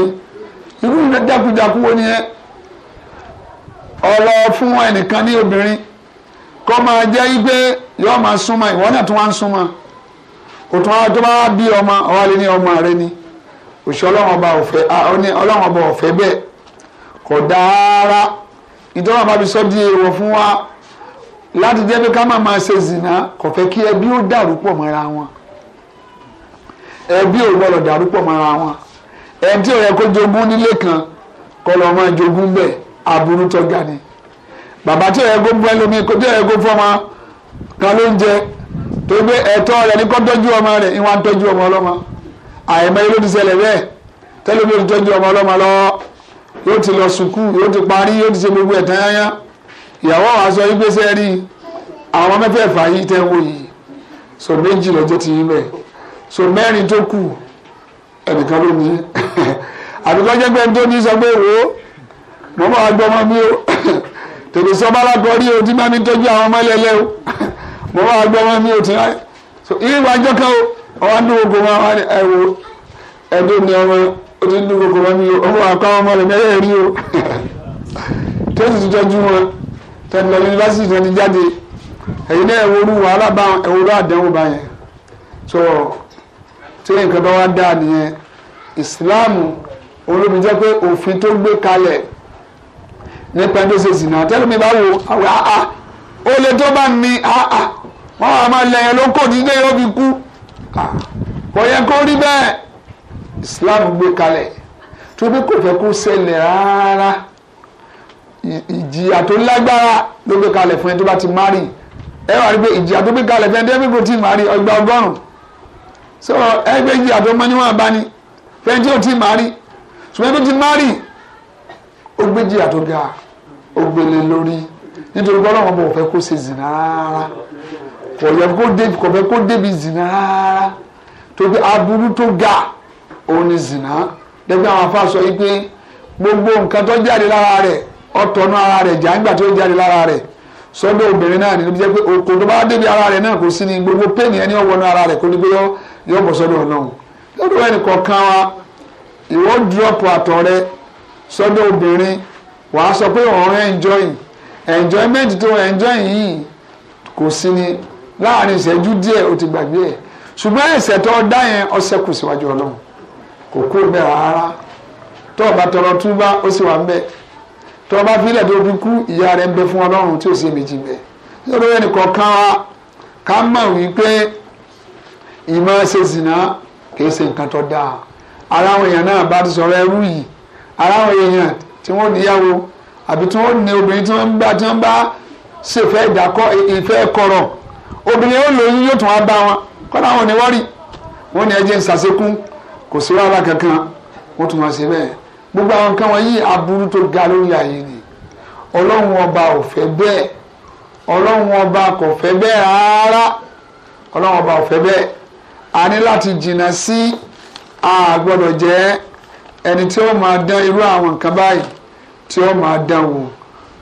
irú jákujáku wo ni ẹ ọ̀rọ̀ fún ẹnìkan ní obìnrin kọ́ máa jẹ́ wípé yọ́ọ́ máa súnmọ́ ìwọ́n náà tún wá súnmọ́ kò tún wá tó bá bí ọmọ ọwọ́ ní ọmọ rẹ ni òṣìṣẹ́ ọlọ́run ọba ọ̀fẹ́ ọlọ́run ọba ọ̀fẹ́ bẹ́ẹ̀ kò dára nítorí wọn bá fi sọ́ di èèwọ̀ fún wa láti jẹ́ pé ká má máa ṣe zìnà kò fẹ́ kí ẹbí ó dàrú pọ̀ mọ́ra wọn ẹbí ò gbọ́dọ̀ dàrú pọ̀ mọ́ra wọn ẹni tí ò yẹ kó jogún nílé kan kọ́ lọ́ máa jogún bẹ́ẹ̀ aburú tó ni bàbá tí ò yẹ kó bọ́ ẹlòmíì kó tí ò yẹ kó fọ́ tó gbé ẹ̀tọ́ rẹ̀ ní kó tọ́jú ọmọ rẹ̀ ìwọ̀n tọ́jú ọmọ ọlọ́mọ àìmọye ló ti ṣẹlẹ̀ bẹ́ẹ̀ tẹ́lẹ̀ ló ti tọ́jú ọmọ ọlọ́mọ lọ yóò ti lọ sùkúù yóò ti parí yóò ti ṣe gbogbo ẹ̀ tán yányá ìyàwó àwọn aṣọ yìí gbèsè rí àwọn mẹ́fẹ̀ẹ̀fà yìí tẹ́ wọ yìí so méjì lọ́jọ́ ti yín bẹ́ẹ̀ so mẹ́rin tó kù ẹnìkan ló ní <laughs> àdúgbò jẹ́ pé tó ní pé wo mo máa mi o <laughs> tèmi sọ <laughs> mo máa gbọ́ wọn mi ò ti ráyè so irú àjọ kan wọn ni ọmọ ó ti dún gbogbo wọn mi ọmọ ọmọ rẹ rí o <laughs> tọ́jú wọn tẹ̀lé yunifásitì tó ti jáde ẹ̀yin náà ẹ̀wọ̀ orú wàhálà bá ẹ̀wọ̀ orú àdánwò bá yẹn so tí nǹkan bá wá nìyẹn ìsìláàmù jẹ́ pé òfin tó gbé kalẹ̀ nípa wọ́n wà máa lẹ̀yìn ló ń kò dídé yóò fi kú kò yẹ kó rí bẹ́ẹ̀ Islam gbé kalẹ̀ tó bí kò fẹ́ kó ṣẹlẹ̀ rárá ìjìyà tó lágbára ló gbé kalẹ̀ fún ẹni tó bá ti márì ẹ wà rí pé ìjìyà tó gbé kalẹ̀ fún ẹni tó bá ti kò ọgbà ọgọ́rùn so ẹ gbé ìjìyà tó mọ níwọ̀n bá ní fún ẹni tó ti márì ṣùgbọ́n tó ti márì ó gbé ìjìyà tó ga ó gbélé lórí nítorí gbọ́dọ̀ wọn bò fẹ́ kó ṣe rárá kọ̀yẹ kó débi kọ̀yẹ kó débi zina rárá torí aburú tó ga òun ni zina lẹ́gbẹ́ àwọn afá sọ yìí pé gbogbo nǹkan tó jáde lára rẹ̀ ọ̀tọ̀nù ara rẹ̀ jàǹgbà tó jáde lára rẹ̀ sọ́dọ̀ obìnrin náà ni ló jẹ́ pé okò tó bá débi ara rẹ̀ náà kò sí ni gbogbo péènì ẹni ọ̀wọ́nú ara rẹ̀ kó ní pé yóò bọ̀ sọ́dọ̀ ọlọ́run lọ́dọ̀ ẹnì kọ̀ọ̀kan wa ìwọ dúrọ́pù àtọ̀ rẹ sọ́dọ̀ obìnrin wàá sọ pé ọ̀rọ̀ enjoy enjoyment tó enjoy yìí kò sí ni láàrin ìṣẹ́jú díẹ̀ o ti gbàgbé ẹ̀ ṣùgbọ́n ẹ̀ṣẹ̀ tó dá yẹn ọ̀sẹ̀ kù síwájú ọlọ́run kò kó bẹ́ẹ̀ rárá tó o bá tọrọ túbá ó sì wà ń bẹ̀ tó o bá filẹ̀ tó o fi kú ìyá rẹ̀ ń bẹ fún ọlọ́run tí ò sí èmi jì bẹ̀ nítorí ẹnì kọ̀ọ̀kan wa ká mọ̀ wípé ìmọ̀ ṣe zìnà kìí ṣe nǹkan tó dáa ara àwọn èèyàn náà bá ti sọ̀rọ̀ ẹrú yìí ara àwọn èèyàn tí wọ́n níyàwó àbí tí wọ́n ní obìnrin tí wọ́n ń bá ṣèfẹ́ ìdákọ́ ìfẹ́ kọ̀rọ̀ obìnrin ó lóyún yóò tún wá bá wọn kọ́dà wọn ni wọ́n rí wọn ni ẹjẹ ń sàṣekún kò sí wàhálà kankan wọ́n tún wọn ṣe bẹ́ẹ̀ gbogbo àwọn nǹkan wọn yìí aburú tó ga lórí ayé ni ọlọ́run ọba ò fẹ́ bẹ́ẹ̀ ọlọ́run ọba kò fẹ́ bẹ́ẹ̀ rárá ọlọ́run ọba ò fẹ́ bẹ́ẹ̀ a ní láti jìnnà sí a gbọ́dọ̀ jẹ́ ẹni tí ó máa dán irú àwọn nǹkan báyìí tí ó máa dán wò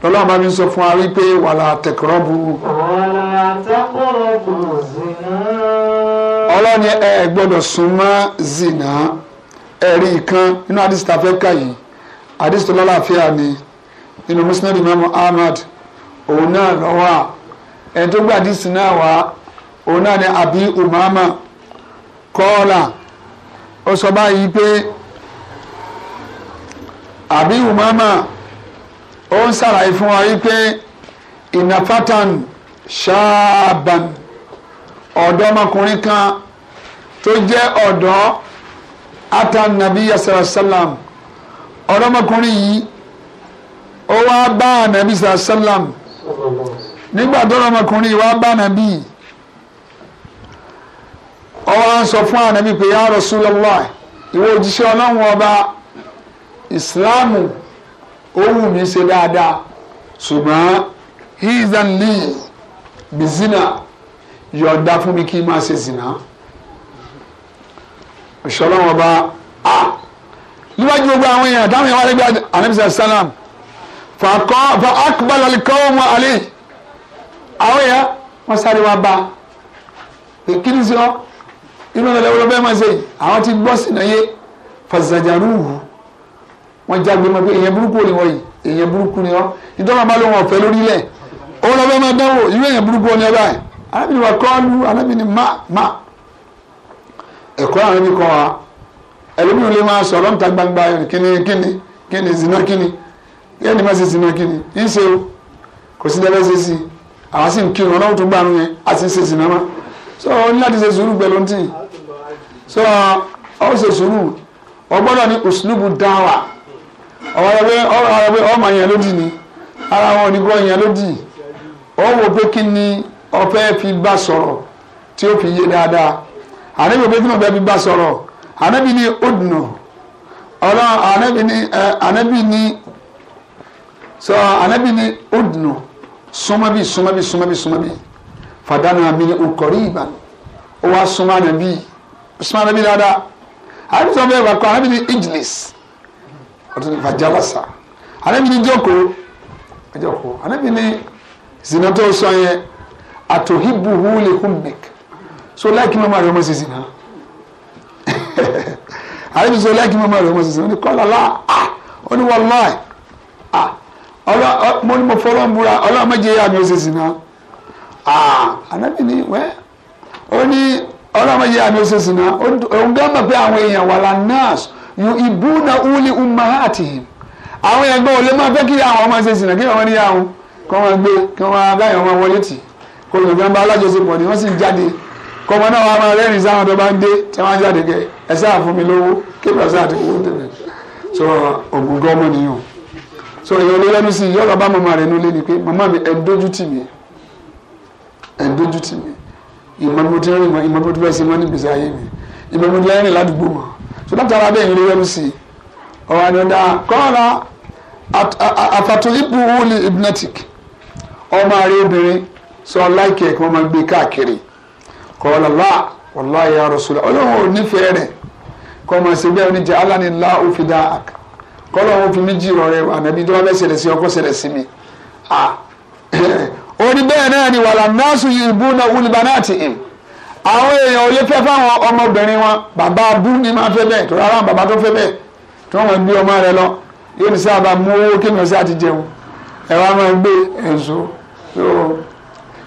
lọ́lọ́run bá mi sọ fún wa wípé wàlà àtẹ̀kọ́rọ́bù. wàlà àtẹ̀kọ́rọ́bù zìnà. ọlọ́run ẹ gbọ́dọ̀ súnmọ́ zìnà ẹ̀rí kan nínú àdìsí tá a fẹ́ kà yìí àdìsí tó lálàáfíà ni nínú muslim imam ahmad òun náà lọ wà ẹni tó gbé àdìsí náà wá òun náà ni àbí umama kọ́ọ̀là ó sọ báyìí pé àbí umama ó ń ṣàlàyé fún wa wípé ìnàfàtàn ṣáàbàn ọ̀dọ́mọkùnrin kan tó jẹ́ ọ̀dọ́ atanabi yasara salam ọ̀dọ́mọkùnrin yìí ó wá bá ànàbí yasara salam nígbà tó ọ̀dọ́mọkùnrin yìí wá bá ànàbí yìí ọwọ́ ń sọ fún ànàbí pé ya Rasulullah ìwé òjíṣẹ́ ọlọ́run ọba ìsìláàmù ó wù mí ṣe dáadáa ṣùgbọ́n hizan lee bizina yọ̀ọ̀dá fún mi kí n máa ṣe zina ìṣọ́lọ́wọ́n bá a níwájú gbogbo àwọn èèyàn táwọn èèyàn wá lẹ́gbẹ̀ẹ́ anamisa salam fàkọ́ fà akbal alikọ́wọ́mọ alẹ́ àwọn èèyàn wọ́n sáré wá bá kí ni sọ inú ọ̀nà lẹ́wọ́lọ́ bẹ́ẹ̀ máa ṣe àwọn ti gbọ́ sínú ayé fàzàjàrú wù wọ́n jágbe mọ́ pé èèyàn burúkú ni wọ́n yìí èèyàn burúkú ni wọ́n ìtọ́nà bá lóun ọ̀fẹ́ lórílẹ̀ òun lọ́bẹ̀ máa dánwò irú èèyàn burúkú ni ọba yìí alábìnrin wa kọ́ lu alábìnrin má má ẹ̀kọ́ àwọn ẹni kan wa ẹlòmíràn lè máa sọ̀rọ̀ níta gbangba kíni kíni kíni zina kíni yẹ́n ni má ṣe zina kíni ń ṣe o kò sí dẹ́rẹ́ ṣe sí àwọn sì ń kírun ọlọ́run tó gbà yẹn a sì ń ṣe zina ma. so ó ní láti ṣe sùúrù gbẹ ló ń tì so ó ṣe sùúrù ọgbọ́dọ̀ ní uslubu dáwà ọ̀rọ̀ rẹ pé ọmọ yẹn ara wọn yẹn ó wò pé kí ni ọ̀fẹ́ fi bá sọ̀rọ̀ tí ó fi yé dáadáa tí mo fẹ́ fi bá ni ó dùnà ọ̀rọ̀ ni ni sọ ni ó dùnà fàdánù àmì ni ìgbà ó wá súnmọ́ súnmọ́ dáadáa ọtún ní fàjálàsà anabi ní jókòó joko, anabi ní zina tó sọ yẹn àtòhíbù húlẹ̀ húmbẹ̀k so láìkí mọ́ máa <laughs> rẹ̀ ọmọ sí zina anabi sọ láìkí mọ́ máa rẹ̀ ọmọ sí zina ó la. kọ́lá ah! láà ó ní wọ́n ah! láì mo ní mo fọlọ́ ń búra ọlọ́run méje yá mi ó ṣe zina anabi ah! ní wẹ́ ó ní ọlọ́run méje yá mi ó ṣe zina òun gán mọ̀ pé àwọn èèyàn wà ìbúna wúlì ummahatihim àwọn ẹgbẹ́ ò lè máa fẹ́ kí àwọn ọmọ ṣe sìnà kí wọ́n rí àwọn kọ́ wọn gbé kí wọ́n abáyọ̀ wọn wọlé tì kó lè gbẹ́nba alájọṣepọ̀ ni wọ́n sì jáde kọ́ wọn náà wọn máa rẹ́rìn sáwọn tó bá ń dé tí wọ́n jáde kẹ ẹ sáà lówó kébà sáà ti kú tẹ̀lé so ògùn gọ́mọ nìyàn so èèyàn ló lẹ́nu sí i yọ̀rọ̀ bá màmá rẹ̀ nulẹ̀ ni pé màmá mi ẹ̀ ń dójú tì mí ẹ̀ ń dójú tì mí ìmọ̀ so látara bẹ́ẹ̀ ni yẹnu sí ọ̀rọ̀ àyọ̀dá kọ́ra àfàtúndínlẹ́bù wúlì hypnotic ọmọ àrẹ obìnrin sọ láìkì ẹ̀ kí wọ́n máa gbé káàkiri kọ́ra láà wàlá ya rọ̀ṣùlá ọlọ́run ò nífẹ̀ẹ́ rẹ̀ kọ́ máa ṣe bẹ́ẹ̀ ní jẹ́ alánilá òfìdá kọ́lọ́ wọn fi mí jí ìrọ̀rẹ́ ànábi tó bá fẹ́ ṣẹlẹ̀ sí ọkọ̀ ṣẹlẹ̀ sí mi <laughs> ó ní bẹ́ẹ̀ náà ni wàlá náà sùn yìí bú náà wúlì àwọn èèyàn ò lè fẹ́ fáwọn ọmọbìnrin wọn bàbá abú ni máa fẹ́ bẹ́ẹ̀ torí ara bàbá tó fẹ́ bẹ́ẹ̀ tí wọ́n máa gbé ọmọ rẹ lọ yóò ní sábà mú owó kéèyàn sí àti jẹun ẹ wá máa gbé èso so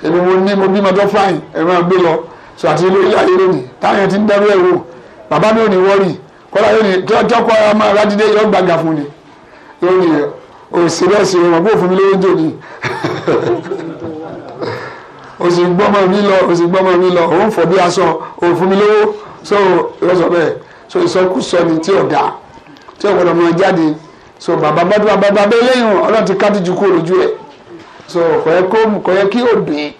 èmi mo ní mo bímọ tó fáyìn ẹ máa gbé lọ so àti ilé ilé ayé lónìí táyà ti ń dẹrú ẹ wò bàbá mi ò ní wọ́ọ̀rì kọ́lá yóò ní tọ́kọ ọmọ aládìdé yóò gbàgà fún ni yóò ní òsèré ọ̀sẹ̀ wọn o sì gbọ́mọ mi lọ o sì gbọ́mọ mi lọ òun fọ bí aṣọ òun fún mi lówó so ìwọ sọ so ìsọkúsọ ni tí ò dáa tí ò gbọdọ̀ máa jáde so bàbá bàbá bàbá bẹ́ẹ̀ lẹ́yìn ọlọ́run ti káàdì ju kú òròjú so kò yẹ kó kò yẹ kí òbí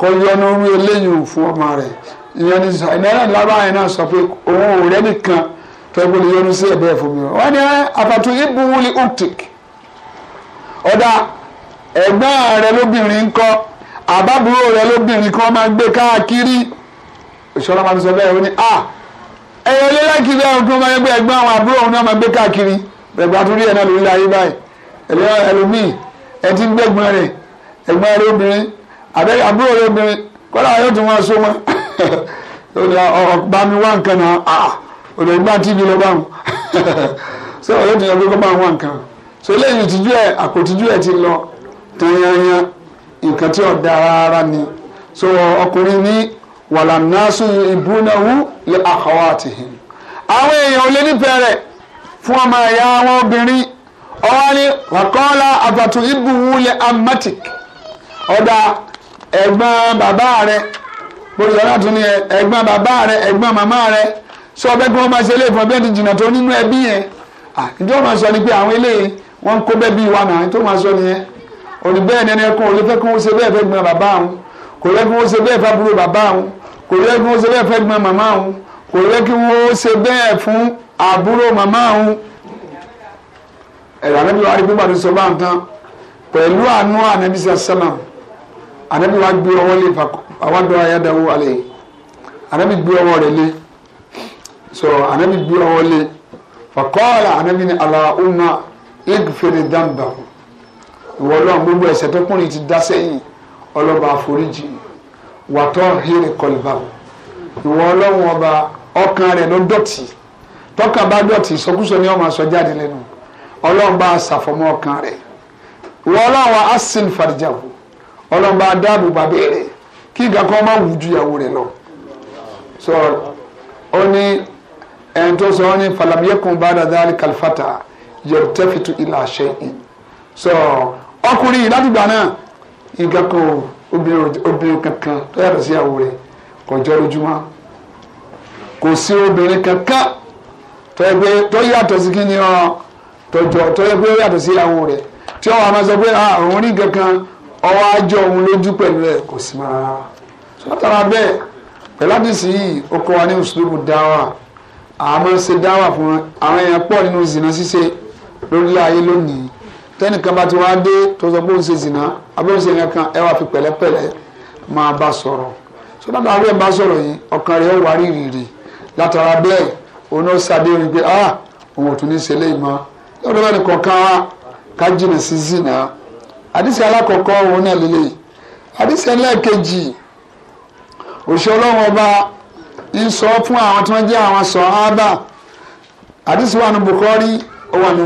kọ yọnu rú eléyìí fún ọmọ rẹ̀ ìyẹn ní sọ ìnáyà lára ẹ̀ náà sọ pé òun ò rẹ́ nìkan tó ẹgbẹ́ lè yọnu sí ẹ̀bẹ́ fún mi wọ́n ní àfàtú ibùwúlì ultic ọ̀dà ẹ̀gbọ́n rẹ̀ lóbìnrin ń kọ́ àbábúrò rẹ lóbìnrin kí wọ́n máa gbé káàkiri ìṣọ́lá máa ń sọ bẹ́ẹ̀ ó ní à ẹ̀yẹ lélẹ́kìrì ẹ̀hún kí wọ́n máa gbé ẹgbẹ́ àwọn àbúrò òun náà máa gbé káàkiri ẹ̀gbọ́n àtúndì ẹ̀ náà lórí ilé ayé báyìí ẹlòmíì ẹ ti ń gbẹ̀gbọ́n rẹ̀ ẹ̀gbọ́n rẹ̀ obìnrin àbúrò rẹ̀ obìnrin kọ́lá yóò tún wọn so wọn <laughs> ọba mi wá nǹkan náà ah ọ̀dọ̀ ìgbà tv lọ bá wọn <laughs> so ọ̀dọ̀ ìgbà tv lọ bá wọn nǹkan so eléyìí ìtìjú ẹ̀ àpòtìjú ẹ̀ ti lọ tanyanyan nǹkan tí ọ̀dà rárá ni so ọkùnrin ní wàlànàṣù ìbúnáwú lè àkọwà àtìhìn àwọn èèyàn ò lè nífẹ̀ẹ́ rẹ̀ fún ọmọ ẹ̀yà àwọn obìnrin ọwọ́ ni wàkọ́lá àbàtù ìbùwù lè amatic ọ̀dà ẹ̀gbọ́n bàbá rẹ̀ gbọ́dọ̀ sọ́dọ̀ tún ni ẹ̀gbọ́n bàbá rẹ̀ ẹ̀gbọ́n màmá rẹ̀ sọ ọbẹ̀ kí wọ́n máa ṣe ilé ìfọ̀n bí ẹni jìnnà tó nínú ẹbí yẹn ìjọba sọ ni pé àwọn eléyìí wọ́n ń kó bẹ́ẹ̀ bí wa náà tó máa sọ nìyẹn olùgbẹ́ ẹni ẹni ẹkún olè fẹ́ kí wọ́n ṣe bẹ́ẹ̀ fẹ́ gbọ́n bàbá àwọn kò lẹ́ kí wọ́n ṣe bẹ́ẹ̀ fẹ́ àbúrò bàbá àwọn kò lẹ́ kí wọ́n ṣe bẹ́ẹ̀ fẹ́ gbọ́n màmá àwọn kò lẹ́ kí wọ́n ṣe bẹ́ẹ̀ fún àbúrò màmá àwọn. ẹ̀rọ anábìwá rí pípa tó sọ bá ń tán pẹ̀lú àánú ànábì sàlámà ànábìwá gbé ọwọ́ lé àwọn àgbà ayádáwó alẹ́ ànábì gbé ọwọ́ rẹ̀ lé so ànábì gbé ọwọ́ lé fàkọ́ọ̀lá ànábì ní Allahumma igfiri dhanbahu ìwọ ọlọ́run gbogbo ẹ̀ṣẹ̀ tó kùnrin ti dá sẹ́yìn ọlọ́ba àforíjì wàtọ́ hírí kọlìbà ìwọ ọlọ́run ọba ọkàn rẹ̀ ló dọ̀tí tọ́kàn bá dọ̀tí ìsọkúsọ ni wọ́n máa sọ jáde lẹ́nu ọlọ́run bá ṣàfọmọ́ ọkàn rẹ̀ ìwọ ọlọ́run wa asin farijahu ọlọ́run bá dáàbò bàbá rẹ̀ kí nǹkan kan má wù ju ìyàwó rẹ̀ lọ. sọ ọ ní ẹni tó sọ ọ ní falamiyekun bá dàda alifata yẹ tẹfitu ilà ṣe sọ. So, ọkùnrin yìí láti gbà náà ìgbà kan obìnrin kankan tó yàtọ̀ sí ìyàwó rẹ̀ kò jọ lójúmọ́ kò sí obìnrin kankan tó yàtọ̀ sí kí ni ọ tọjọ tó yẹ pé ó yàtọ̀ sí ìyàwó rẹ̀ tí ọwọ́ àmọ́ sọ pé àwọn orí kankan ọwọ́ ajọ òun lójú pẹ̀lú ẹ̀ kò sí mọ́ rárá sọ́tara bẹ́ẹ̀ pẹ̀lú àdìsí yìí ó kọ́ wa ní mùsùlùmù dáwà àmọ́ ṣe dáwà fún àwọn èèyàn pọ̀ nínú ìsìnà ṣíṣe lórílẹ̀ ayé lónìí tẹ́nìkan bá ti wá dé tó sọ pé ó ń ṣe zìnà abẹ́rẹ́ ṣe nǹkan ẹ wá fi pẹ̀lẹ́pẹ̀lẹ́ máa bá sọ̀rọ̀ tó dábàá abẹ́rẹ́ bá sọ̀rọ̀ yìí ọkàn rẹ̀ wà rírì látara bẹ́ẹ̀ òun náà sábẹ́ rí pé ah òun ò tún ní ṣe léyìí mọ́ lọ́dọ̀ bá ní kọ̀ọ̀kan wá ká jìnà sí zìnà àdìsí alákọ̀ọ́kọ́ òun náà lélẹ̀ àdìsí ẹlẹ́ẹ̀kejì òṣìṣẹ́ ọlọ́run ọba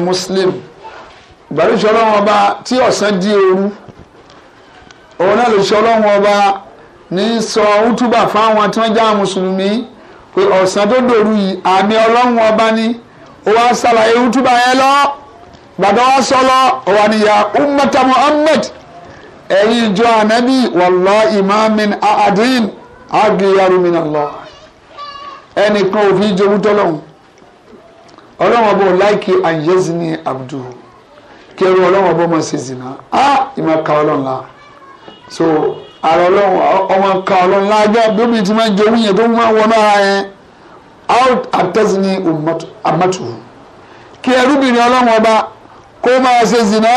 ń sọ ìgbàlú ìṣọ́ ọlọ́run ọba tí ọ̀sán di òru òun náà lè ṣọ́ ọlọ́run ọba ní sọ útúbà fáwọn tí wọ́n já mùsùlùmí pé ọ̀sán tó dòru yìí àmì ọlọ́run ọba ni ó wá ṣàlàyé útúbà yẹn lọ gbàdọ́ wá sọ lọ ọ̀wà nìyà ummata muhammed ẹ̀yin ìjọ ànábì wàlọ́ ìmáàmìn àdín àgbéyàrúmìnà lọ ẹnìkan òfin jowú tọ́lọ́hún ọlọ́run ọba ò láìkí àyẹ́sì ní abdul kí ẹrú ọlọ́wọ́n bọ́ máa ṣe zìnà á ìmọ̀ ká ọlọ́run la so ara ọlọ́run ọmọ ká ọlọ́run la gbá bíbí tí máa ń jẹ wúyẹn tó máa ń wọnú ara yẹn out àtẹ́sí ni àmọ́tò kí ẹrúbìnrin ọlọ́run ọba kó máa ṣe zìnà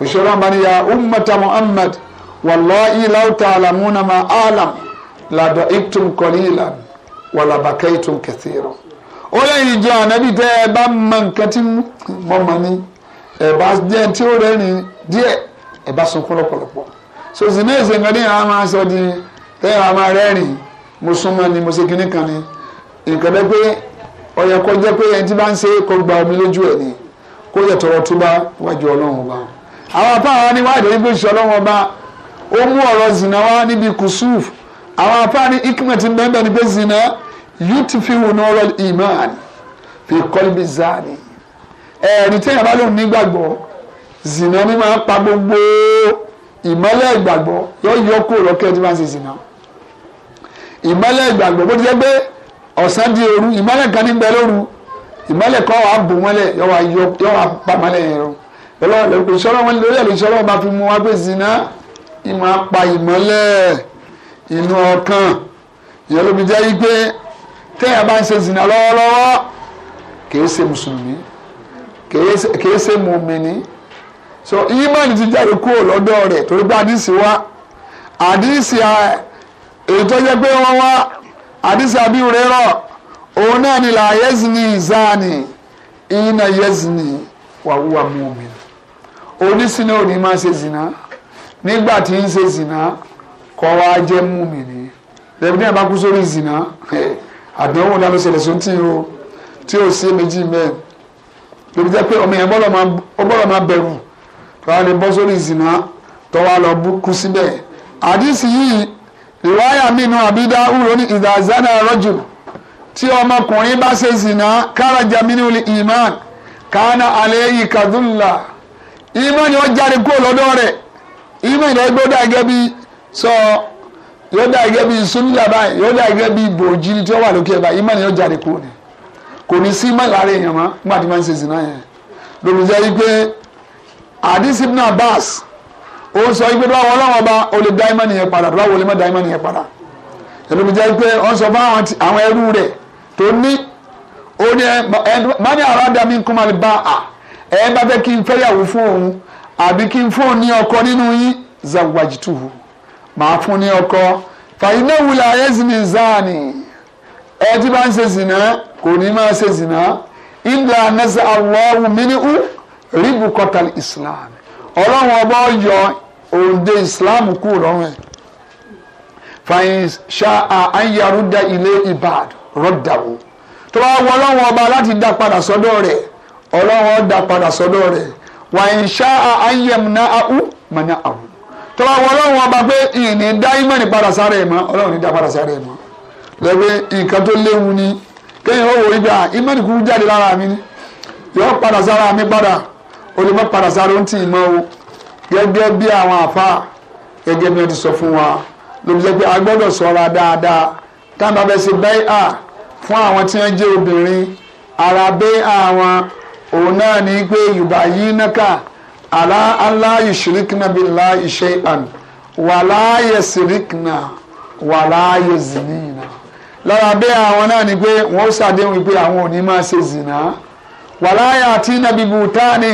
òṣèré àmàlìyà ummata muhammad wallahi law ta'lamuna ma alam ladọ iktum qalilan wala bakaytum kathira ó lẹ́yìn ìjọ ànábì tẹ́ ẹ bá mọ nǹkan tí mo mọ̀ ní ẹ̀bá jẹ́ tí ó rẹ́rìn díẹ̀ ẹ̀bá sunkún lọ́pọ̀lọpọ̀ so sì ní èsì nǹkan díẹ̀ a máa sọ di tẹ́yìn a máa rẹ́rìn mo súnmọ́ ni mo ṣe kinní kan ni nǹkan bẹ́ẹ̀ pé ọ̀yẹ̀ kọ́ jẹ́ pé ẹni tí bá ń ṣe kó gba omi lójú ẹ̀ ni kó yẹ tọrọ tó bá wájú ọlọ́run ọba àwọn apá àwọn aníwájú ẹni pé ṣe ọlọ́run ọba ó mú ọ̀rọ̀ zina wá níbi kùsùf àwọn apá ní ikimẹ̀ ti bẹ́ẹ̀ bẹ́ẹ̀ ni pé zina yóò ti fi wù ní ọ̀rọ̀ ìmáàní fi kọ́lí bí záàní ẹ̀rí tí èèyàn bá lòun nígbàgbọ́ zina ni máa ń pa gbogbo ìmọ́lẹ̀ ìgbàgbọ́ yóò yọ kó lọ́kẹ́ tí wọ́n ṣe zìnà ìmọ́lẹ̀ ìgbàgbọ́ bó ti jẹ́ pé ọ̀sán di òru ìmọ́lẹ̀ kan ní bẹ lóru ìmọ́lẹ̀ kan wà á bò mọ́lẹ̀ yọ wà yọ yọ wà pa mọ́lẹ̀ yẹn rọ lọ́wọ́ lórí sọ́rọ́ wọn lórí ẹ̀rí sọ́rọ́ wọn bá fi mu wá pé zìnà ìmọ̀ apá ìmọ́lẹ̀ inú ọkàn ìyẹn ló fi jẹ́ yí pé téèyàn bá ń ṣe zìnà lọ́wọ́lọ́wọ́ kì í ṣe mùsùlùmí kìí ṣe mùmìnì so imani ti jáde kúrò lọ́dọ̀ rẹ̀ torí pé àdìsí wa àdìsí ètò jẹ́ pé wọ́n wá àdìsí abiru rẹ̀ rọ̀ òun náà ni là yẹ́sìnì ìzáàní ìyínà yẹ́sìnì wàhùwà mùmìnì onísìnà òní máa ṣe zìnà nígbà tí ń ṣe zìnà kọ́ wa jẹ́ mùmìnì lẹ́bi náà bá kú sórí zìnà <laughs> àdánwò náà ló o tí ò sí méjì mẹ́rin lóbi jẹ́ pé ọmọ yẹn bọ́lọ̀ máa bẹ̀rù tọ́wá lè bọ́ sórí ìsìnà tọ́wá lọ kú síbẹ̀ àdìsí yìí ìwáyà mi nu àbídá wúro ní ìdàzánà rọ́jù tí ọmọkùnrin bá ṣe ìsìnà kárajà mi ní olè iman kánà alẹ́ yìí kàdúnlà iman ni ó jáde kúrò lọ́dọ̀ rẹ̀ iman ni ó gbọ́dọ̀ gẹ́gẹ́ bí sọ yóò dà gẹ́gẹ́ bí sunni yóò dà gẹ́gẹ́ bí bòjì tí ó wà lókè ni ó jáde kò ní sí mọ́ láàrin èèyàn mọ́ nígbà tí wọ́n ń ṣe ìsìn náà yẹn lórí wípé àdìsí sọ o lè dá ìmọ̀ nìyẹn padà báwo o lè má dá ìmọ̀ nìyẹn padà lórí wípé ó ń sọ fún àwọn ẹrú rẹ̀ tó ní ó ní mi a ẹ bá fẹ́ kí n fún òun àbí kí n fún òun ní ọkọ nínú yín màá fún ní ọkọ fàyínà ẹ tí bá ń ṣe zìnà kò ní máa ṣe zìnà ilà nasa Allahu minihu ribu kọtàlì islam ọlọ́run ọba yọ òǹde islam kú lọ́rùn ẹ̀ fàyìn ṣá àyàrúdà ilé ibad rọ́dàwó tó bá wọ ọlọ́run ọba láti dá padà sọ́dọ̀ rẹ̀ ọlọ́run ó dá padà sọ́dọ̀ rẹ̀ wàyìn ṣá àyẹ̀mùnà àhú mọ̀nà àhú tó bá wọ ọlọ́run ọba pé ìní dá ìmọ̀ ní padà sáré mọ́ ọlọ́run ní dá padà sáré mọ́. lẹ́gbẹ́ nǹkan tó léwu ni kéèyàn ó wò ó gbà ìmọ̀nì kúkú jáde lára mi ni yọ padà sára mi padà ó lè má padà sára ó ń tì í mọ́ o gẹ́gẹ́ bí àwọn àfa gẹ́gẹ́ bí wọ́n ti sọ fún wa lóbi jẹ́ pé a gbọ́dọ̀ sọ̀ra dáadáa táwọn bàbá ṣe bẹ́ẹ̀ à fún àwọn tí wọ́n jẹ́ obìnrin ara bẹ́ẹ̀ àwọn òun náà ní pé yorùbá yìí náka àlá aláyùsírìkìnà bíi láì ṣe àn wàláyẹsìrìkìnà wàláyẹsìnìyàn. lára bẹ́ẹ̀ àwọn náà ni pé wọ́n ṣàdéhùn wípé àwọn ò ní máa ṣe zìnà wàláyà àti nàbí bùtánì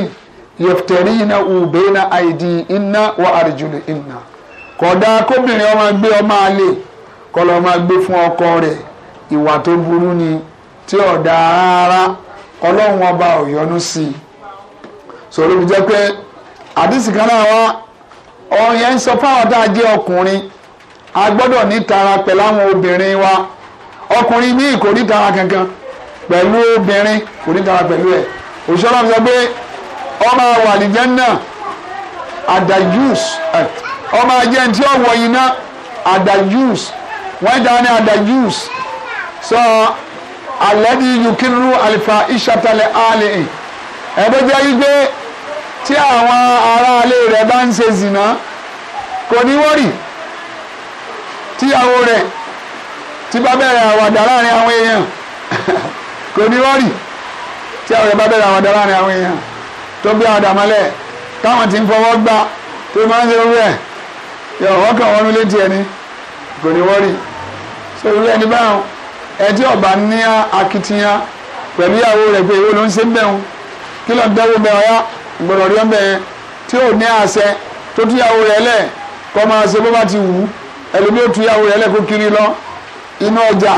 yọ̀tẹ̀rì iná ùbẹ́ iná àìdí iná wà àrìjùlẹ̀ iná kódà kóbìnrin ọmọ gbé ọmọ kọlọ ọmọ gbé fún ọkọ rẹ̀ ìwà tó burú ni tí ọ̀dà rárá ọlọ́run ọba ò yọ́nú sí i sọ̀rọ̀ mi jẹ́ pé àdìsí ọkùnrin míì kò ní tara kankan pẹ̀lú obìnrin kò ní tara pẹ̀lú ẹ̀ òṣìṣẹ́ ọlọ́run sọ pé ọmọ àwàlìjẹ́nà àdàjúùs ọmọ ajẹ́ tí ó wọ iná àdàjúùs wọ́n dá ní àdàjúùs sọ alẹ́bí yukiru alifa ìṣàtàlẹ̀ àlẹ́ ẹ̀ ẹ̀bẹ́ jẹ́ wípé tí àwọn aráalé rẹ̀ bá ń ṣe zìnà kò ní wọ́rì tíyàwó rẹ̀ tí bá bẹ̀rẹ̀ àwàdà láàrin àwọn èèyàn <laughs> kò ní wọ́n rì tí àwọn bá bẹ̀rẹ̀ àwàdà láàrin àwọn èèyàn tó bí àwàdà mọ́lẹ̀ táwọn ti ń fọwọ́ gbá tó máa ń ṣe owó ẹ̀ yọ wọ́n kàn wọ́n létí ẹni kò ní wọ́n rì ṣé irú ẹni báwọn ẹtí ọba ní akitiyan pẹ̀lú ìyàwó rẹ̀ pé èwo ló ń ṣe bẹ́ẹ̀ kí ló ń tẹ́wọ́ bẹ́ẹ̀ ọ̀yá gbọ́dọ̀ rí ọ̀bẹ yẹn tí ò ní àṣẹ tó túyàwó rẹ̀ lẹ̀ kọ́ máa ṣe bó bá ti wù ẹlòmíì ó túyàwó rẹ̀ lẹ̀ kó kiri lọ inú ọjà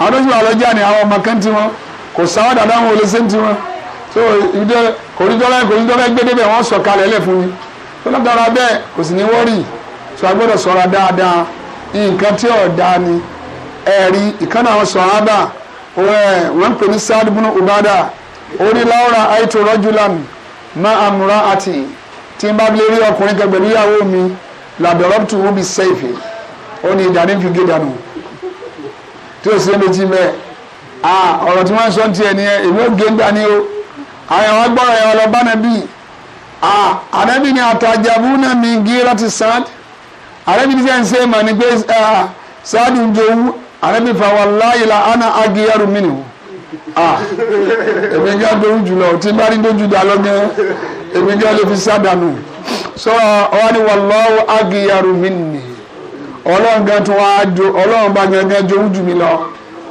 àwọn tó ń sọ̀rọ̀ ọlọ́jà ni àwọn ọmọ kan ti wọn kò sáwọn dàda wọn olóṣè ti wọn so ìdè kòrídọ́lẹ́ kòrídọ́lẹ́ gbẹdẹ́bẹ̀ wọ́n sọ kalẹ̀ lẹ̀ fún mi tó lọ́tara bẹ́ẹ̀ kò sì ní wọ́rì so a gbọ́dọ̀ sọ̀ra dáadáa nǹkan tí ò dáa ni ẹ̀rí ìkànnì àwọn sọ̀rọ̀ àbà wọ́n ń pè ní sáàdùbùnú ubada orí láwùrà àìtò rọ́júlán má àmúra àti tí n bá lè rí ọkùnrin kan pẹ̀lú ìyàwó mi làbẹ̀rọ̀ tù wọ́n bí sẹ́ẹ̀fì ó ní ìdáníjú gé dànù tí o ṣe méjì mẹ́ẹ̀ à ọ̀rọ̀ tí wọ́n ń sọ ti ẹ̀ nìyẹn èmi ò gé ń dání o àwọn ẹ̀wọ̀n gbọ́rọ̀ ẹ̀wọ̀n lọ bá nàbí à ni àtàjàbù náà mi gé láti sàn ànábì ni sẹ́yìn sẹ́yìn mà ní pé sáàdù jowú ànábì fa wallahi la ana agiyaru minhu à èmi gá dojú jùlọ tí bá rí dojú dà lọ́gán èmi gá lè fi sọ ọ wá ní wallahu agiyaru minni ọlọ́run gan tó wáá jo ọlọ́run bá gangan jowú jù mí lọ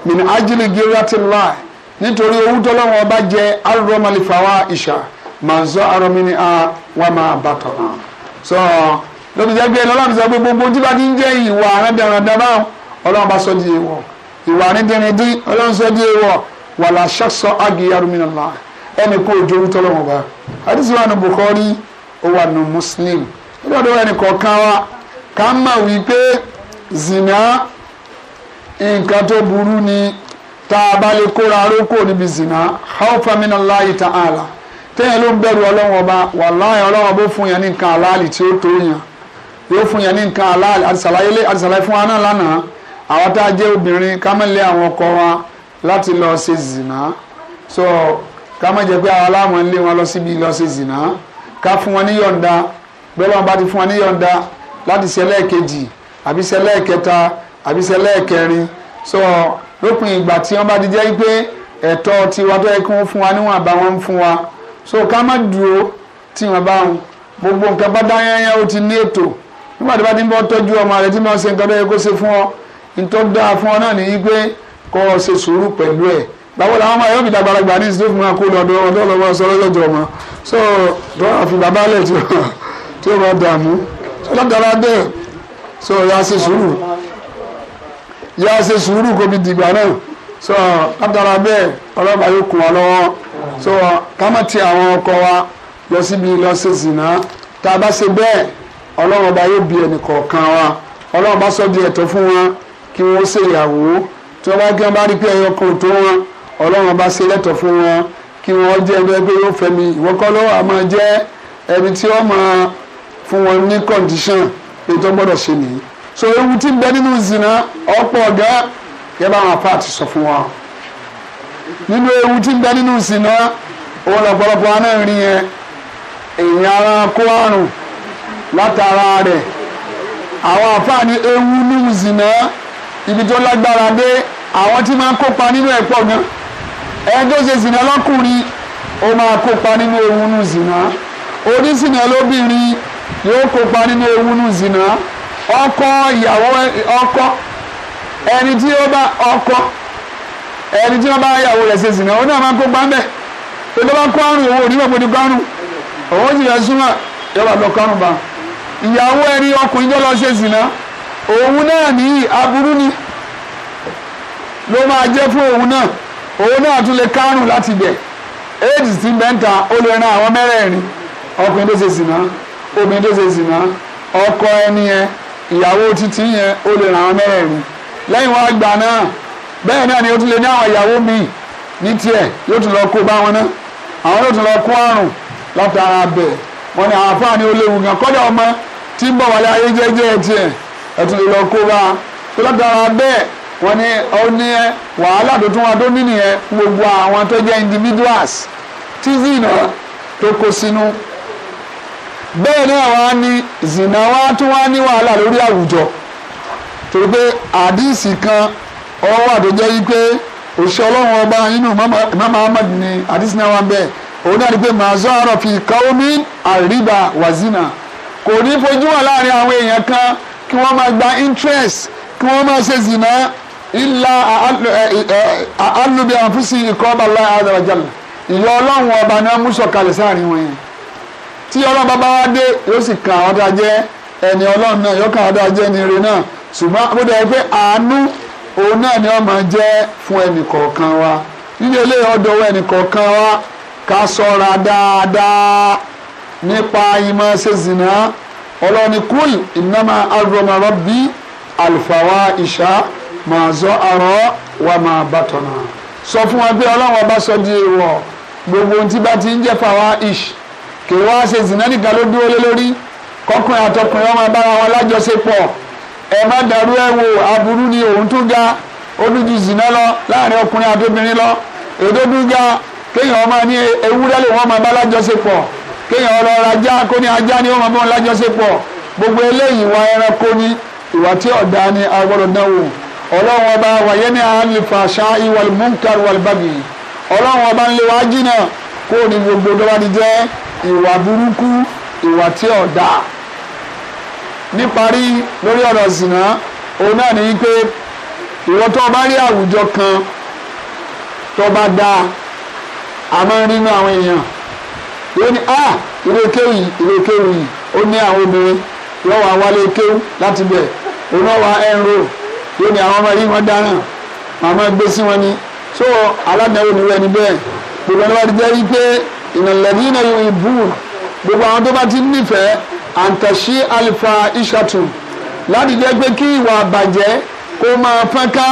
min ajili gíratìlá nítorí owó tọ́lọ́run ọba jẹ arúgbọ́mọlẹ́fàwá ìṣà màá zọ arọmìnì a wà máa bàtọ̀ náà. sọ lóbi jẹ́ pé ọlọ́run sọ pé gbogbo tí bá ti ń jẹ́ ìwà àrẹ́dẹ̀rẹ̀dẹ̀ báwọn ọlọ́run bá sọ di èèwọ̀ ìwà àrẹ́dẹ̀rẹ̀dẹ̀ ọlọ́run sọ di èèwọ̀ wàlà ṣàṣọ agiyarumina la ẹnì kó ojú orú tọ́lọ́wọ́n bá àdìsí wa nù Bukhari ó wà nù Muslim ó dọ̀dọ̀ ẹnì kọ̀ọ̀kan wa ká mọ̀ wípé zina nǹkan tó burú ni tá a bá lè kóra rókò níbi zina haufa minallahi ta'ala téèyàn ló ń bẹ̀rù ọlọ́run ọba wàláhì ọlọ́run ọba ó fún yẹn ní nǹkan aláàlì tí ó tó yàn yóò fún yẹn ní nǹkan aláàlì àtisàlàyé lé àtisàlàyé fún wa náà lánàá àwọn tá a jẹ́ obìnrin ká má lé àwọn ọkọ wa láti lọ ṣe zina so ká má jẹ́ pé àwọn aláwọn lé wọn lọ síbi lọ ṣe zina ká fún wọn ní yọ̀ǹda bẹ́ẹ̀ lọ́wọ́n bá ti fún wọn ní láti ṣe lẹ́ẹ̀kejì àbí ṣe lẹ́ẹ̀kẹta àbí ṣe lẹ́ẹ̀kẹrin so lópin ìgbà tí wọ́n bá ti jẹ́ pé ẹ̀tọ́ tiwa tó yẹ kí wọ́n fún wa níwọ̀n àbá wọn ń fún wa so ká má dúró tí wọ́n bá wọn gbogbo nǹkan bá dá yányá ó ti ní ètò nígbà tó bá ti ń bọ́ tọ́jú ọmọ rẹ tí wọ́n ṣe nǹkan tó yẹ kó ṣe fún ọ nítorí dáa fún ọ náà nìyí pé kó o ṣe sùúrù pẹ̀lú ẹ̀ báwo làwọn ọmọ yóò fi dàgbàrà gbà ní ìsìn tó fi kó lọ́dọ̀ so tó àfi bàbá lẹ̀ tí látara bẹ́ẹ̀ so yà á ṣe sùúrù yà á ṣe sùúrù kò fi dìgbà náà so látara bẹ́ẹ̀ ọlọ́ba yóò kún wa lọ́wọ́ so ká má ti àwọn ọkọ wa lọ síbi lọ ṣe zìnà tá a bá ṣe bẹ́ẹ̀ ọlọ́run yóò bi ẹnì kọ̀ọ̀kan wa ọlọ́run ọba sọ di ẹ̀tọ́ fún wa kí wọ́n ṣe ìyàwó tí wọ́n bá kí wọ́n bá rí pé ẹyọ kan tó wọn ọlọ́run ọba lẹ́tọ̀ fún wọn kí wọ́n jẹ́ ẹgbẹ́ pé yóò fẹ́mi ìwọ́kọ́ lọ́wọ́ àmọ́ jẹ́ ẹni tí wọ́n máa fún wọn ní condition ètò gbọ́dọ̀ ṣe nìyí so ewu tí ń bẹ nínú zina ọ̀pọ̀ ọ̀gá yẹn bá wọn apá àti sọ fún wa nínú ewu tí ń bẹ nínú zina òun lọ́pọ̀lọpọ̀ aná rí yẹn èèyàn ara kó àrùn látara rẹ̀ àwọn àfáà ní ewu nínú zina ibi tó lágbára dé àwọn tí máa ń kópa nínú ẹ̀ pọ̀ gan ẹni tó ṣe zina lọ́kùnrin ó máa kópa nínú ewu nínú zina onísìnà lóbìnrin yóò kópa nínú ewu nù zina ọkọ ìyàwó ọkọ ẹni tí ó bá ọkọ ẹni tí wọn bá yàwó rẹ̀ ṣe zina ó náà máa kópa mbẹ tó bá kó àrùn owó onímọ̀ gbòdì kárùn òun jìnnà súnmọ́ yọba lọ kárùn bá ìyàwó ẹni ọkùnrin tó lọ ṣe zina òun náà ní aburú ni ló máa jẹ́ fún òun náà òun náà tún lè kárùn láti bẹ̀ éèdì tí ń bẹ́ńta ó àwọn mẹ́rẹ̀ẹ̀rin ọkùnrin tó ṣe zina obìnrin tó ṣe zìnà ọkọ ẹni yẹn ìyàwó títí yẹn ó lè ràn án mẹ́rẹ̀ẹ̀rin lẹ́yìn wọn àgbà náà bẹ́ẹ̀ náà ni ó tún lè ní àwọn ìyàwó míì ní tiẹ̀ yóò tún lọ kó bá wọn náà àwọn yóò tún lọ kó àrùn látara bẹ̀ wọn ni àwọn afáàní ó léwu gan kọ́dà ọmọ tí ń bọ̀ wálé ayé jẹ́jẹ́ tiẹ̀ ẹ̀ tún lè lọ kó bá tó látara bẹ́ẹ̀ wọn ni ó ní wàhálà tó tún wọn tó ní nìyẹn gbogbo àwọn tó jẹ́ individuals tí zina tó kó sínú bẹ́ẹ̀ náà wá ní zina wá tún wá ní wàhálà lórí àwùjọ torí pé àdìsí kan ọwọ́ àdójẹ́ yìí pé òṣìṣẹ́ ọlọ́run ọba inú mama ahmed ni àdìsí náà wá bẹ́ẹ̀ òun náà rí i pé màzọ́ àrọ̀ fi kàómi àríbà wàzínà kò ní fojú wà láàrin àwọn èèyàn kan kí wọ́n máa gba interest kí wọ́n máa ṣe zina ilà àálùbí àfúsí ìkọ́ ọba láyé àdàràjàlá ìyọ ọlọ́run ọba ni wọ́n mú sọ̀kalẹ̀ sáàrin wọn yẹn tí ọlọ́run bá bá wá dé yóò sì kàn àwọn tá a jẹ́ ẹni ọlọ́run náà yóò kàn àwọn tá a jẹ́ ẹni rere náà ṣùgbọ́n bó dẹ̀ pé àánú òun náà ni wọ́n máa jẹ́ fún ẹnì kọ̀ọ̀kan wa nílé ilé ọdọọwọ ẹnì kọ̀ọ̀kan wa ká sọ́ra dáadáa nípa ìmọ̀ ṣe zìnà ọlọ́ni kúl ìnáma agbọmọ̀rọ̀ bí àlùfàwà ìṣá màá zọ àrọ́ wà máa bàtọ̀nà sọ fún wa pé ọlọ́run ọba sọ di èèwọ̀ gbogbo ohun tí bá ti ń jẹ́ fàwa ìṣá kì í wá ṣe zìnà nìkan ló dúró lé lórí kọkùnrin àtọkùnrin ọmọ abára wọn lájọṣepọ̀ ẹ má dàrú ẹ wo aburú ni òun tún ga ó dúdú zìnà lọ láàrin ọkùnrin àtobìnrin lọ èdè dúga kéèyàn ọmọ ní ewúrẹ́ lè wọ́n máa bá lájọṣepọ̀ kéèyàn ọ̀rọ̀ ajá kó ní ajá ni wọ́n máa bá wọn lájọṣepọ̀ gbogbo eléyìí ìwà ẹranko ni ìwà tí ọ̀dà ni agbọ́dọ̀ dánwò ọlọ́run ọba wàyẹ́ ní àlìfàṣà ìwàlùmúnkàrù ọlọ́run ọba ń wájú náà kó o ní gbogbo dọ́wádìí jẹ́ ìwà burúkú ìwà tí ò dáa níparí lórí ọ̀rọ̀ zìnà òun náà ní pé ìwọ tó bá rí àwùjọ kan tó bá dáa a máa ń rí inú àwọn èèyàn yóò ní ah ilé kéwì ilé kéwì ó ní àwọn obìnrin yóò wá wálé kéwù láti bẹ̀ òun náà wá ẹ̀rọ yóò ní àwọn ọmọ yìí wọ́n dáràn màmá gbé sí wọn ni so aládàáwò níwẹ̀ níbẹ̀ gbogbo ẹni wá ti jẹ́ wípé ìnàlẹ́bí náà yóò ibú gbogbo àwọn tó bá ti nífẹ̀ẹ́ àǹtàṣí alifa ishatu láti jẹ́ pé kí ìwà àbàjẹ́ kó máa fẹ́ ká